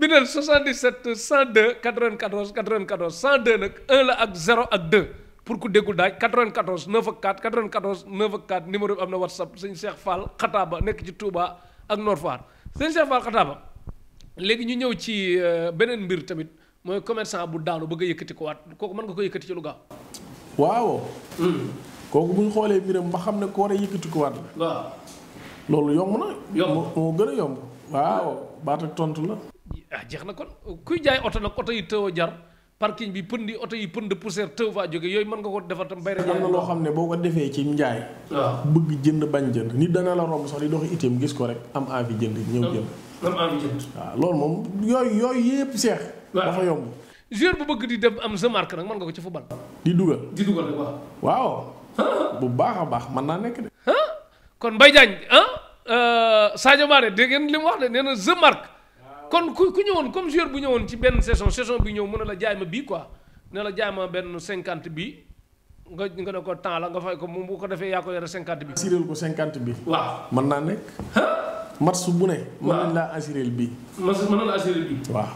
bindal 77 102 94 94 102 nag 1 la ak 0 ak 2 pour ku déggul daaj 94 9 ak 4 94 9 ak 4 numéro bi am na whatsapp sëñ Cheikh Fall Xataaba nekk ci Touba ak Nord Foire sëñ Cheikh Fall Xataaba léegi ñu ñëw ci euh, beneen mbir tamit mooy commerçant bu daanu bëgg a yëkkati ko waat kooku mën nga ko yëkkati ci lu gaaw. waaw. Hmm. kooku bu ñu xoolee mbiram ba xam ne ko war a yëkkati ko waat la. waaw. loolu yomb na. yomb moo gën a yomb. waaw baat ak tontu la. ah jeex na kon kuy jaay oto nag oto yi tëw a jar parking bi pënd yi oto yi pënd poussière tëw faa jóge yooyu man nga ko defar tam. bayre xam ne boo ko defee ci njaay. bëgg jënd bañ jënd nit dana la romb sax di gis ko rek am envie jënd ñëw jënd. am loolu moom yooyu yooyu yëpp seex. dafa yomb. joueur bu bëgg di dem am sa marque nag mën nga ko ci football. di dugal di dugal waaw. bu baax a baax man naa nekk de. kon Mbaye Diagne ah euh, Sadio Mané dégg ngeen li mu wax de nee na sa kon ku ku ñëwoon comme joueur bu ñëwoon ci benn saison saison bi ñëw mën na la jaay ma bii quoi ne la jaay ma benn cinquante bi nga nga ne ko temps la nga fay ko moom bu ko defee yaa ko yore cinquante bi. assuré ko bi. waaw mën naa nekk. match bu ne. waaw naa nañ laa bi bii. match mën na la assuré bii. waaw.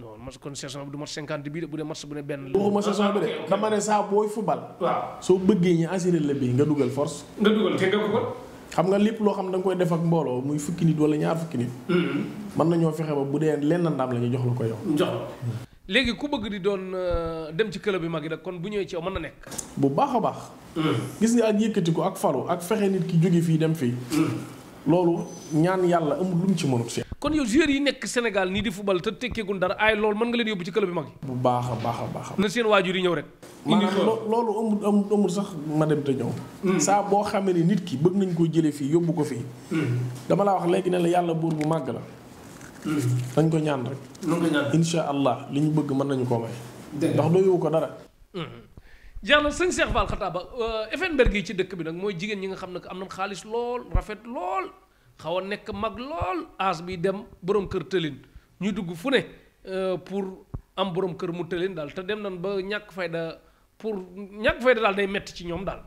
non match kon saison bi du match cinquante bii de bu dee match bu ne benn la. waxuma saison ah, dama ne saa booy football. waaw soo bëggee ñu assuré la bii nga dugal force. nga dugal te nga ko xam nga lépp loo xam da nga koy def ak mbooloo muy fukki nit wala ñaar fukki nit. Mm-hmm. mën nañoo fexe ba bu dee lenn ndam la ñu jox la ko yow. jox mm-hmm. léegi ku bëgg di doon euh, dem ci club yu mag yi nag kon bu ñëwee ci yow mën na nekk. bu baax a baax. Mm-hmm. gis nga ak yëkkati ko ak falu ak fexe nit ki jóge fii dem fii. loolu ñaan yàlla amul lu mu ci mënut fi kon yow joueurs yi nekk senegal nii di football te tekkeegul dara ay loolu mën nga leen yóbbu ci club bi mag bu baax a baax a baax na seen waajur yi ñëw rek maanaam loolu amul amul sax ma dem te hmm. saa boo xamee ne nit ki bëgg nañ ko jële fii yóbbu ko fii hmm. dama laa wax léegi ne la yàlla buur bu màgg la dañ hmm. ko ñaan rek insha allah li ñu bëgg mën nañu ko may ndax doyoo ko dara jeex na sëñ Cheikh Fall xataa ba euh, Effenberg yi ci dëkk bi nag mooy jigéen ñi nga xam ne am na xaalis lool rafet lool xaw a nekk mag lool as bi dem borom kër tëlin ñu dugg fu ne euh, pour am borom kër mu tëlin daal te dem nan ba ñàkk fayda pour ñàkk fayda daal day metti ci ñoom daal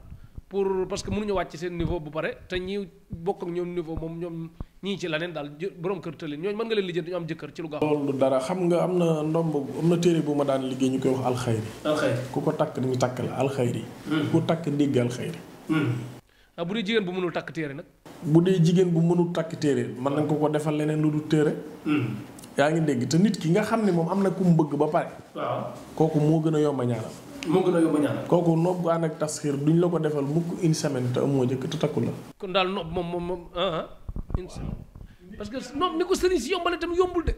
pour parce que mënuñu wàcc seen niveau bu pare te ñi bokk ak ñoom niveau moom ñoom ñii ci leneen daal borom kër tëlin ñooñu mën nga leen lijjanti ñu am jëkkër ci lu gaaw. xam nga am na ndomb am na téere bu ma daan liggéey ñu koy wax alxayri. ku ko takk dañu takk la alxayri. Hmm. ku takk dégg alxayri. Hmm. ah bu jigéen bu mënul takk téere nag. bu dee jigéen bu mënul takk téere mën nañ ko ko defal leneen lu hmm. yaa ngi dégg te nit ki nga xam ne moom am na ku mu bëgg ba pare. waaw kooku moo gën a yomb a moo gën a yomb a ñaanal. kooku nopp ànd ak tasxiir duñ la ko defal mukk une semaine te amoo jëkk te moom moom ah, ah. inshallah parce que noonu ni ko sëriñ si yombale tam yombul de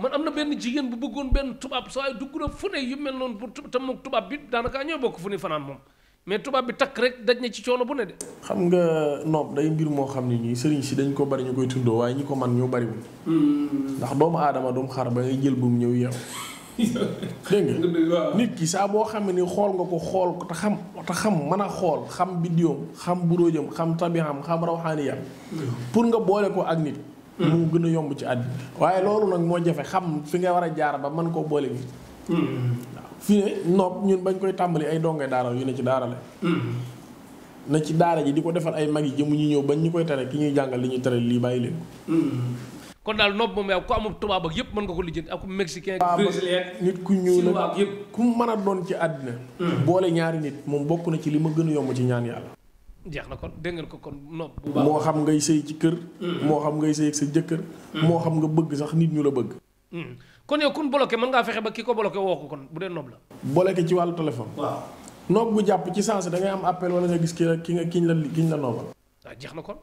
man am na benn jigéen bu bëggoon benn tubaab soo yu dugg na fu ne yu mel noonu pour tam tubaab bi daanaka ñoo bokk fu ne fanaan moom mais tubaab bi takk rek daj na ci coono bu ne de. xam nga noob day mbir moo xam ne nii sëriñ si dañ ko bari ñu koy tundoo waaye ñu ko man ñoo bariwul. Hmm. ndax doomu aadama doomu xar ba ngay jël bu ñëw yeew dégg nga nit ki saa boo xam ni xool nga ko xool ko te xam te xam mën a xool xam biddiwam xam buróojam xam tabiam xam rawxaaniyam pour nga boole ko ak nit hmm. mu gën a yomb ci àddina waaye loolu nag moo jafe xam fi nga war a jaar ba mën koo boole nit hmm. waaw fii ne nopp ñun bañ koy tàmbali ay donge daara yu ne ci daara la hmm. na ci daara ji di ko defal ay mag yi jëmu ñu ñëw ba ñu koy tere ki ñuy jàngal li ñu tere lii bàyyi leen kon daal nopp moom yow ku amul tubaab ak yëpp mën nga ko lijjanti ak mexicain brésilien nit ku ñuul ak yëpp ku mën a doon ci àddina hmm. boole ñaari nit moom bokk na ci li ma gën a yomb ci ñaan yàlla jeex na kon dégg ko kon nopp moo xam ngay sëy ci kër hmm. moo xam ngay sëy ak jëkkër hmm. moo xam nga bëgg sax nit ñu la bëgg kon yow kun bloqué mën ngaa fexe ba ki ko bloqué woo ko kon bu dee nopp la bloqué ci wàllu téléphone waaw nopp bu jàpp ci sens da am appel wala nga gis ki ki nga kiñ la kiñ la noobal waaw ah, jeex na kon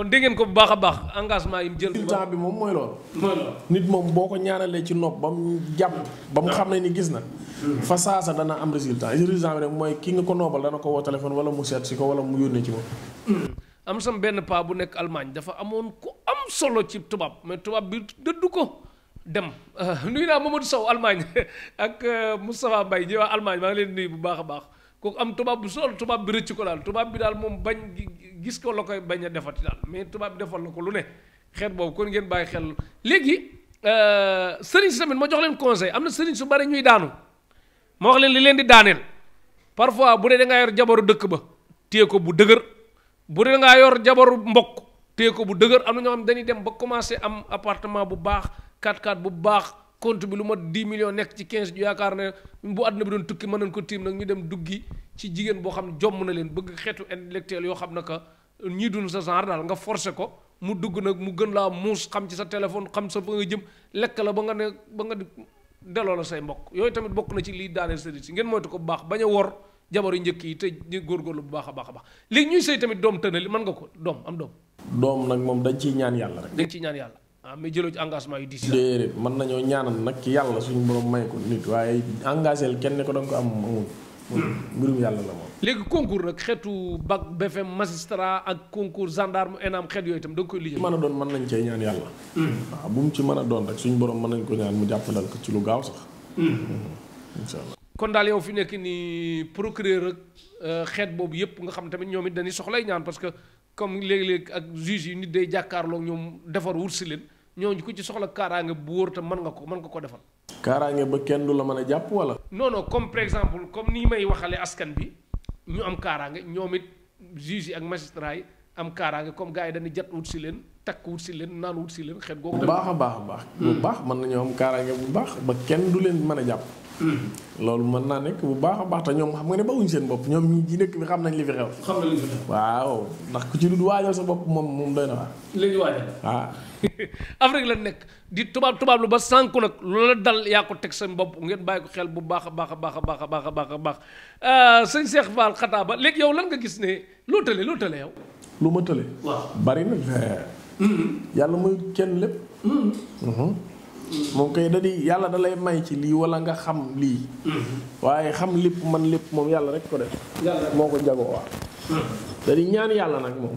kon dégg ko bu baax a baax engagement yi mu jël. résultat bi moom mooy loolu. mooy nit moom boo ko ñaanalee ci nopp ba mu jàpp. ba mu xam ne ni gis na. Hmm. fa saa sa dana am résultat résultat bi mooy ki nga ko noobal dana ko woo téléphone wala mu seet si ko wala mu yónnee ci moom. Hmm. am sam benn paa bu nekk Allemagne dafa amoon ku am solo ci tubaab mais tubaab bi dëddu ko. dem nuyu naa Mamadou Sow Allemagne ak euh, Moustapha Mbaye ñi waa Allemagne maa ngi leen nuyu bu baax a baax. kooku am tubaab bu sol tubaab bi rëcc ko daal tubaab bi daal moom bañ gis ko la koy bañ a defati daal mais tubaab bi defal na ko lu ne xeet boobu kon ngeen bàyyi xel léegi euh, sëriñ si tamit ma jox leen conseil am na sëriñ su bari ñuy daanu ma wax leen li leen di daaneel parfois bu dee da ngaa yor jabaru dëkk ba téye ko bu dëgër bu dee da ngaa yor jabaru mbokk téye ko bu dëgër am na ñoo xam dañuy dem ba commencé am appartement bu baax 4x4 bu baax compte bi lu mat 10 millions nekk ci 15 ju yaakaar ne bu àdduna bi doon tukki mën nañ ko tiim nag ñu dem duggi ci jigéen boo xam jomm na leen bëgg xeetu intellectuel yoo xam ne que ñii dund sa genre daal nga forcé ko mu dugg nag mu gën laa muus xam ci sa téléphone xam sa fa jëm lekk ba nga ne ba nga delloo la say mbokk yooyu tamit bokk na ci lii daaneel sëriñ si ngeen moytu ko bu baax a wor jabar yu njëkk yi te ñu góorgóorlu bu baax a baax a baax léegi ñuy sëy tamit doom tënali mën nga ko doom am doom. doom nag moom dañ ciy ñaan yàlla rek. dañ ciy ñaan yàlla. ah mais jëloo ci engagement yu diis. déedéet mën nañoo ñaanal nag yàlla suñu borom may ko nit waaye engagé kenn ko da ko am amul. mbirum yàlla la moom. léegi concours nag xeetu bac BFM magistrat ak concours gendarme ENAM xeet yooyu itam da nga koy liggéey. mën a doon mën nañ cee ñaan yàlla. waaw hmm. ah, bu mu ci mën a doon rek suñu borom mën nañ ko ñaan mu jàpp jàppalal ko ci lu gaaw sax. Hmm. Hmm, incha allah. kon daal yow fi nekk nii procureur euh, xeet boobu yëpp nga xam tamit ñoom it dañuy soxlay ñaan parce que comme léeg-léeg ak juge yi nit day jàkkaarloo ñoom si leen. ñooñu ko ci soxla kaaraange bu wóor te mën nga ko mën nga ko defal. kaaraange ba kenn du la mën a jàpp wala. non comme par exemple comme ni may waxalee askan bi ñu am kaaraange ñoom it juge yi ak magistrat yi am kaaraange comme gars yi dañuy jot wut si leen. takk wut si leen naan wut si leen xet googu. bu baax a baax a baax. bu baax mën nañoo am kaaraange bu baax ba kenn du leen mën a jàpp. Hmm. loolu mën naa nekk bu baax a baax te ñoom xam nga ne bawuñ seen bopp ñoom ñi ci dëkk bi xam nañ li fi xew. xam nañ li sa bopp moom moom doy na léegi waajal waaw. Ah. la nekk di tubaab tubaab lu ba sànku nag loola dal yaa ko teg seen bopp ngeen bàyyi ko baax a baax a baax a baax a baax a baax a baax ah, sëñ Cheikh Fall xataa ba léegi yow lan nga gis ne loo tële loo tële yow. lu ma tële. waaw bari yàlla mooy kenn lépp. moom koy da yàlla dalay may ci lii wala nga xam lii. waaye xam lépp man lépp moom yàlla rek ko def. moo ko jagoo waa da di ñaan yàlla nag moom.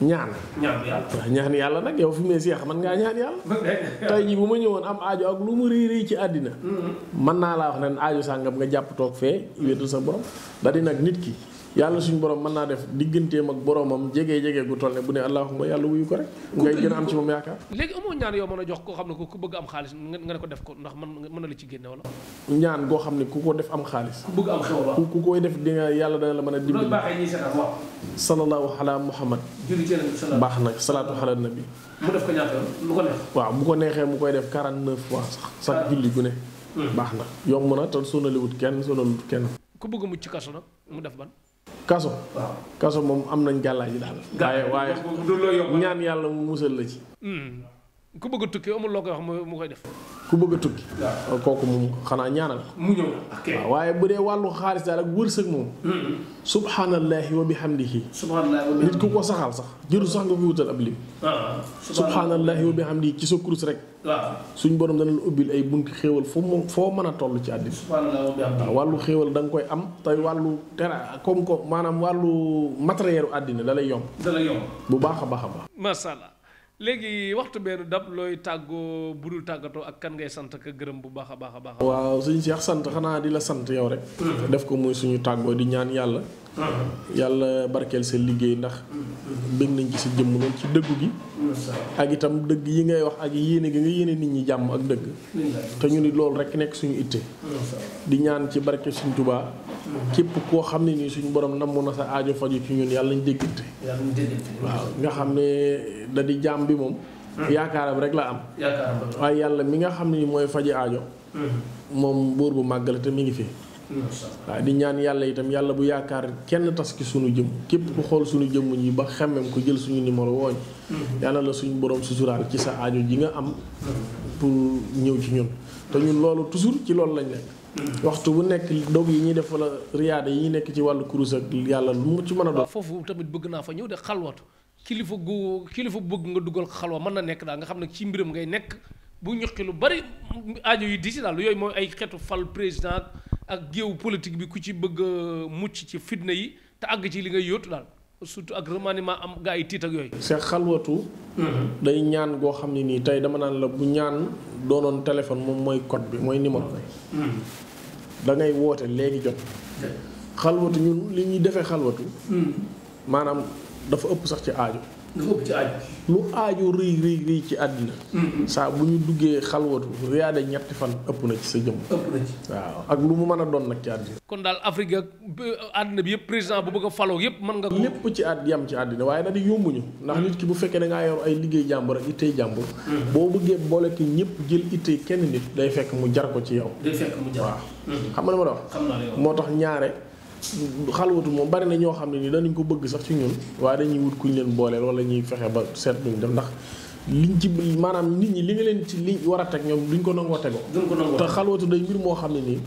ñaan. ñaan yàlla nag yow fi mu ne seex man ngaa ñaan yàlla. tey jii bu ma ñëwoon am aajo ak lu mu rëy rëy ci àddina. Mm-hmm. mën naa laa wax ne aajo sàngam nga jàpp toog fee wetu sa borom da nag nit ki. yàlla suñu borom mën naa def digganteem ak boromam jege jege gu toll ne bu ne allahumma yàlla wuyu ko rek. ngay gën a am ci moom yaakaar. léegi amoo ñaan yow mën a jox koo xam ne ku bëgg am xaalis nga ne ko def ko ndax mën mën na la ci génne xam ne ku ko def am xaalis. bëgg am xew waaw ku koy def di nga yàlla dana la mën a. dimbali loolu baaxee ñuy seetaan waaw. sallallahu baax na salaatu ala nabi. mu def ko ñaata lu ko waaw bu ko neexee mu koy def 49 fois sax. sax ah. julli gu ne. Hmm. baax na yomb na te sonaliwut kenn sonaluwut kenn. ku bëgg mucc kaso nag mu def ban kaso kaso moom am nañ gàllaaj yi daal. waaye waaye ñaan yàlla mu musal la ci. Hmm. ku bëgg a tukki amul loo koy mu koy def. ku bëgg a ah, kooku moom xanaa ñaanal. mu ñëw waaw ah, waaye bu dee wàllu xaalis daal ak wërsëg moom. Mm-hmm. subhanallahi wa bihamdihi. subhanallahi wa nit ku ko saxal sax jëru sax nga fi wutal ab lim. waaw ah, subhanallahi wa bihamdihi ci sa kurus rek. waaw suñ borom dana la ubbil ay buntu xéewal fu mu foo mën a toll ci àddina. subhanallahi wa wàllu xéewal danga koy am te wàllu tera comme ko maanaam wàllu matériel àddina dalay lay yomb. bu baax a baax a baax. léegi waxtu beenu dab looy tàggoo budul tàggatoo ak kan ngay sant ka gërëm bu baax a baax a baax. waaw suñu seex sant xanaa di la sant yow rek. Hmm. def ko muy suñu tàggoo di ñaan yàlla. Uh-huh. yàlla barkeel sa liggéey ndax bëgg nañ ci sa jëmm lool ci dëggu gi uh-huh. ak itam dëgg yi ngay wax ak yéene gi nga yéene nit ñi jàmm ak dëgg te ñu ni loolu rekk nekk suñu itte uh-huh. di ñaan ci barke suñ tubaa képp koo xam ne nii suñu borom namm na sa aajo faju ci ñun yàlla ñu déggante waaw nga xam ne da di jaam bi moom yaakaaram rek la am waaye yàlla mi nga xam ne ni mooy faji aajo moom buur bu màgg la te mi ngi fi waaw di ñaan yàlla itam yàlla bu yaakaar kenn tas ki sunu jëm képp ku xool sunu jëmm ñi ba xemmem ko jël suñu numéro wooñ mhm. yàlla la suñu borom susuraal ci sa aajo ji nga am pour ñëw ci ñun te ñun loolu toujours ci loolu lañ nekk mhm. waxtu bu nekk dog yi ñuy def wala riyaada yi nekk ci wàll kurus ak yàlla lu mu ci mën a doon foofu tamit bëgg naa fa ñëw de xalwatu kilifa gu kilifa bëgg nga dugal xalwa mën na nekk daal nga xam ne ci mbiram ngay nekk bu ñuqi lu bari aajo yi di yooyu mooy ay xeetu fal président ak géew politique bi ku ci bëgg mucc ci fitna yi te àgg ci li ngay yóotu daal surtout ak remaniement am gaa yi tiit ak yooyu. c'est xalwatu. Mm-hmm. day ñaan goo xam ne nii tey dama naan la bu ñaan doonoon téléphone moom mooy code bi mooy numéro bi. Mm-hmm. da ngay woote léegi jot. xalwatu ñun li ñuy defee xalwatu. Mm-hmm. maanaam dafa ëpp sax ci aajo. dafa ëpp ci aaju. lu aaju rëy rëy rëy ci àddina. saa bu ñu duggee xalwatu riyaada ñetti fan ëpp na ci sa jëmm. ëpp na ci waaw ak lu mu mën a doon nag ci àddina. kon daal Afrique ak àddina bi yëpp président bu bëgg a faloo yëpp mën nga. lépp ci at yam ci àddina waaye daal di yombuñu ndax nit ki bu fekkee da ngaa yor ay liggéey jàmbur ak ittey jàmbur. Mm-hmm. boo bëggee boole ki ñëpp jël ittey kenn nit. day fekk mu jar ko ci yow. day fekk mu jar mm-hmm. xam nga ma la moo tax ñaare xalwatu moom bari na ñoo xam ne ni danañ ko bëgg sax ci ñun waaye dañuy wut kuñ leen booleel wala ñuy fexe ba seet luñ def ndax liñ ci maanaam nit ñi li nga leen ci li war a teg ñoom duñ ko nangoo tegoo. te xalwatu day mbir moo xam ne nii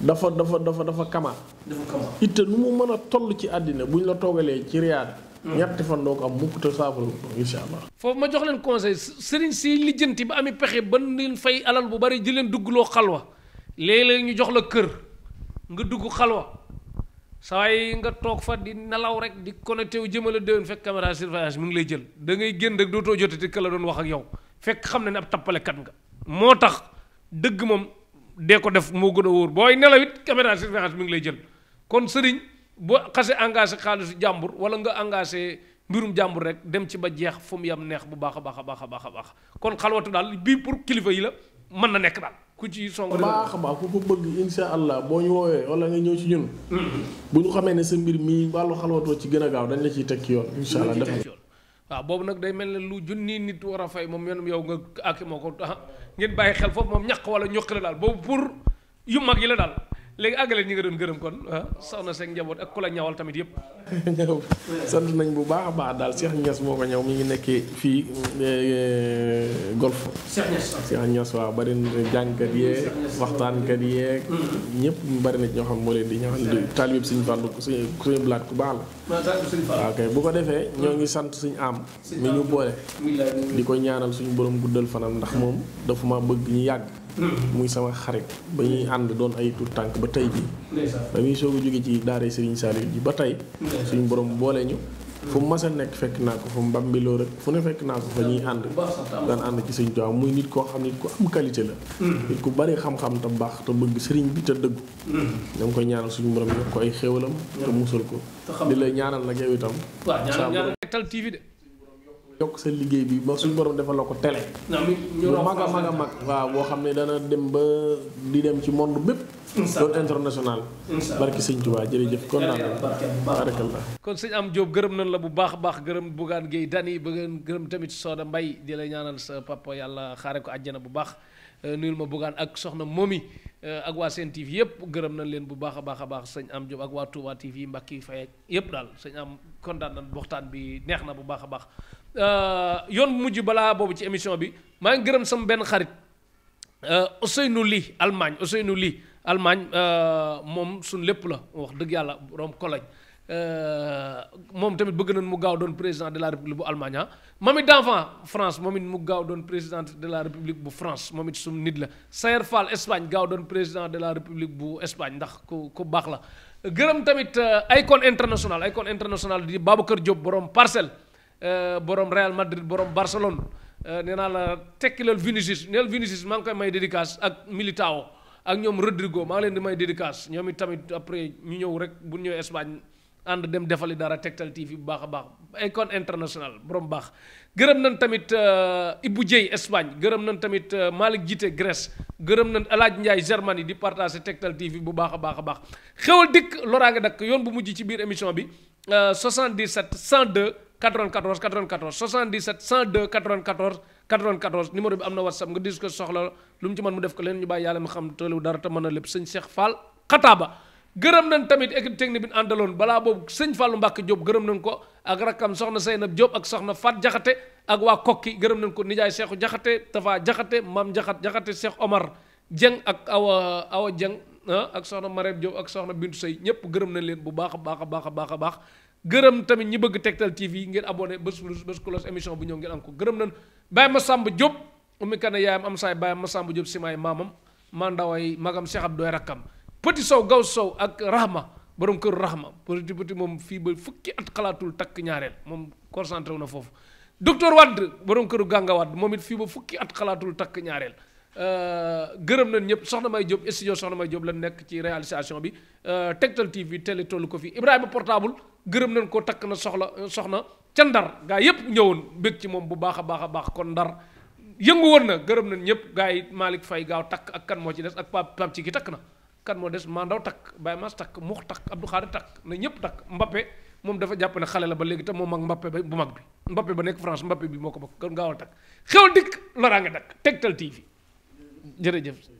dafa dafa dafa dafa kama. dafa kama itte nu mu mën a toll ci àddina buñ la toogalee ci riyaad. Mm. ñetti fan doo ko am mukk te saafara incha allah. foofu ma jox leen conseil sëriñ si lijjanti ba ami pexe ba leen fay alal bu bari di leen duggloo xalwa léeg-léeg jox la kër nga dugg xalwa saa nga toog fa di nelaw rek di connecté wu jëmale déwén fekk caméra surveillance mu ngi lay jël da ngay génn rek dootoo jotati ka la doon wax ak yow fekk xam na ne ab tappalekat nga. moo tax dëgg moom dee ko def moo gën a wóor booy nelaw it caméra surveillance mu ngi lay jël kon sëriñ boo xase engagé xaalisu jàmbur wala nga engagé mbirum jàmbur rek dem ci ba jeex fu mu yam neex bu baax a baax a baax a baax a baax kon xalwatu daal bii pour kilifa yi la mën na nekk daal. ku ci song baax a baax ku ko bëgg insha allah boo ñu woowee wala nga ñëw ci ñun. bu ñu xamee ne sa mbir mii wàllu xalwatoo ci gën a gaaw dañ la ciy teg ci yoon. incha allah def waaw boobu nag day mel ne lu junni nit war a fay moom yow nga ak moo ko ah, ngeen bàyyi xel foofu moom ñakk wala ñoq la daal boobu pour yu mag yi la daal. léegi àggale ñi nga doon gërëm kon ah, soxna seeg njaboot ak ku ñawal tamit yëpp. ñëw sant nañ bu baax a baax daal Cheikh Niass moo ko ñëw mi ngi nekkee fii eh, eh, golf Cheikh ñas Cheikh Niass waaw bari na jàngkat yeeg waxtaankat yeeg ñëpp bari na ñoo xam moo leen di ñoo xam ne taalib suñu fàllu suñu suñu blaat ku baax la ok ah, bu ko defee ñoo ngi sant suñu am mi ñu boole di ko ñaanal suñu borom guddal fanam ndax moom dafa ma bëgg ñu yàgg muy sama xarit ba ñuy ànd doon ay tur tànk ba tey jii ba soo soog a jóge ci daara Serigne Saliou ji ba tey suñu borom boole ñu mm. fu mu mas nekk fekk naa ko fu mu mbambiloo rek fu ne fekk naa ko fa ñuy ànd daan ànd ci suñ Tuubaa muy nit koo xam nit ko am qualité la mm. nit ku bari xam-xam te baax te bëgg sëriñ bi te dëggu danga mm. koy ñaanal suñu borom yokk ko ay xéewalam te musal ko di la ñaanal nag yow itam tegtal TV yokk sa liggéey bi ba suñu borom defal la ko tele ñu mag a mag a mag. waaw boo xam ne dana dem ba di dem ci monde bépp. doon international. barki sëñ Tuubaa jërëjëf kon naan barakallah kon sëñ am Diop gërëm nañ la bu baax baax gërëm Bougane Gueye Dany ba gërëm tamit Soda mbay di la ñaanal sa papa yàlla xaare ko àjjana bu baax. Euh, nuyul ma buggaan ak soxna moom momi euh, ak waa seen TV yëpp gërëm nañ leen bu baax a baax a baax sëñ am Diop ak waa Touba TV Mbacke Faye yëpp daal sëñ am kontaan nañ waxtaan bi neex na bu baax a baax euh, yoon mujj balaa boobu ci émission bi maa ngi gërëm sama benn xarit Ousseynou Ly Allemagne Ousseynou Ly Allemagne moom suñ lépp la wax dëgg yàlla rom Cologne Euh, moom tamit bëgg nañ mu gaaw doon président de la république bu Allemagne ah. Mamy Danfan France moom it mu gaaw doon président de la république bu France moom it su nit la Sayer Fall Espagne gaaw doon président de la république bu Espagne ndax ku ku baax la gërëm tamit euh, icône international icône international di Babacar Diop borom Parcelles euh, borom Real Madrid borom Barcelone nee naa la tekkilal Vinicius neel Vinicius maa ngi koy may dédicace ak Militao ak ñoom Rodrigo maa ñoom it tamit après ñu ñëw rek bu ñëwee Espagne ànd dem defali dara Tektal TV bu baax a baax Akon International borom baax gërëm nañ tamit euh, Ibou Dieye Espagne gërëm nañ tamit euh, Malick Jité Grèce gërëm nañ El Hadj Ndiaye Germanie di partager Tektal TV bu baax a baax a baax xewal dikk loraange dakk yoon bu mujj ci biir émission bi 77 102 94 94 77 102 bi am na WhatsApp nga dis ko soxla lu mu ci mën mu def ko leen ñu bàyyi yàlla mu xam tëlewu dara te mën a lépp sëñ Cheikh Fall xataaba gërëm nañ tamit équipe technique bi àndaloon balaa boobu sëñ Fallou Mbacke Diop gërëm nañ ko ak rakkam soxna Seynab Diop ak soxna Fat Jaxate ak waa kokki gërëm nañ ko nijaay Seexu Jaxate Tafa Jaxate Maam Jaxat Jaxate Seex Omar Dieng ak Awa Awa Dieng ah, ak soxna Marème Diop ak soxna Bintu Sey ñëpp gërëm nañ leen bu baax a baax a baax a baax a baax gërëm tamit ñi bëgg Tektal TV ngeen abonné bés bés close émission bu ñëw ngeen am ko gërëm nañ Baye Massamba Diop ummi kan yaayam am saa saay Baye Massamba Diop simaay maamam mandaway magam Cheikh Abdoulaye rakkam petit sow gaw sow ak rahma boroom kër rahma petit petit moom fii ba fukki at xalaatul takk ñaareel moom concentré wu na foofu docteur Wadd boroom këru gànga Wadd moom it fii ba fukki at xalaatul takk ñaareel euh, gërëm nañ ñëpp soxna may Diop studio soxna may Diop lan nekk ci réalisation bi euh, Tektal TV tele tollu ko fii Ibrahima portable gërëm nañ ko takk na soxla euh, soxna ca ndar gaa yépp ñëwoon bég ci moom bu baax a baax a baax kon ndar yëngu woon na gërëm nañ ñëpp gaa yi Malick Faye gaaw takk ak kan moo ci des ak Pape Pape ci takk na kan moo des Mandaw takk Baye Mass takk Moux takk Abdou Khadre takk na ñëpp takk Mbappé moom dafa jàpp ne xale la ba léegi te moom ak Mbappé ba bu mag bi Mbappé ba nekk France Mbappé bi moo ko bokk kon gaawal takk xewal dikk loraa nga takk Tektal TV jërëjëf.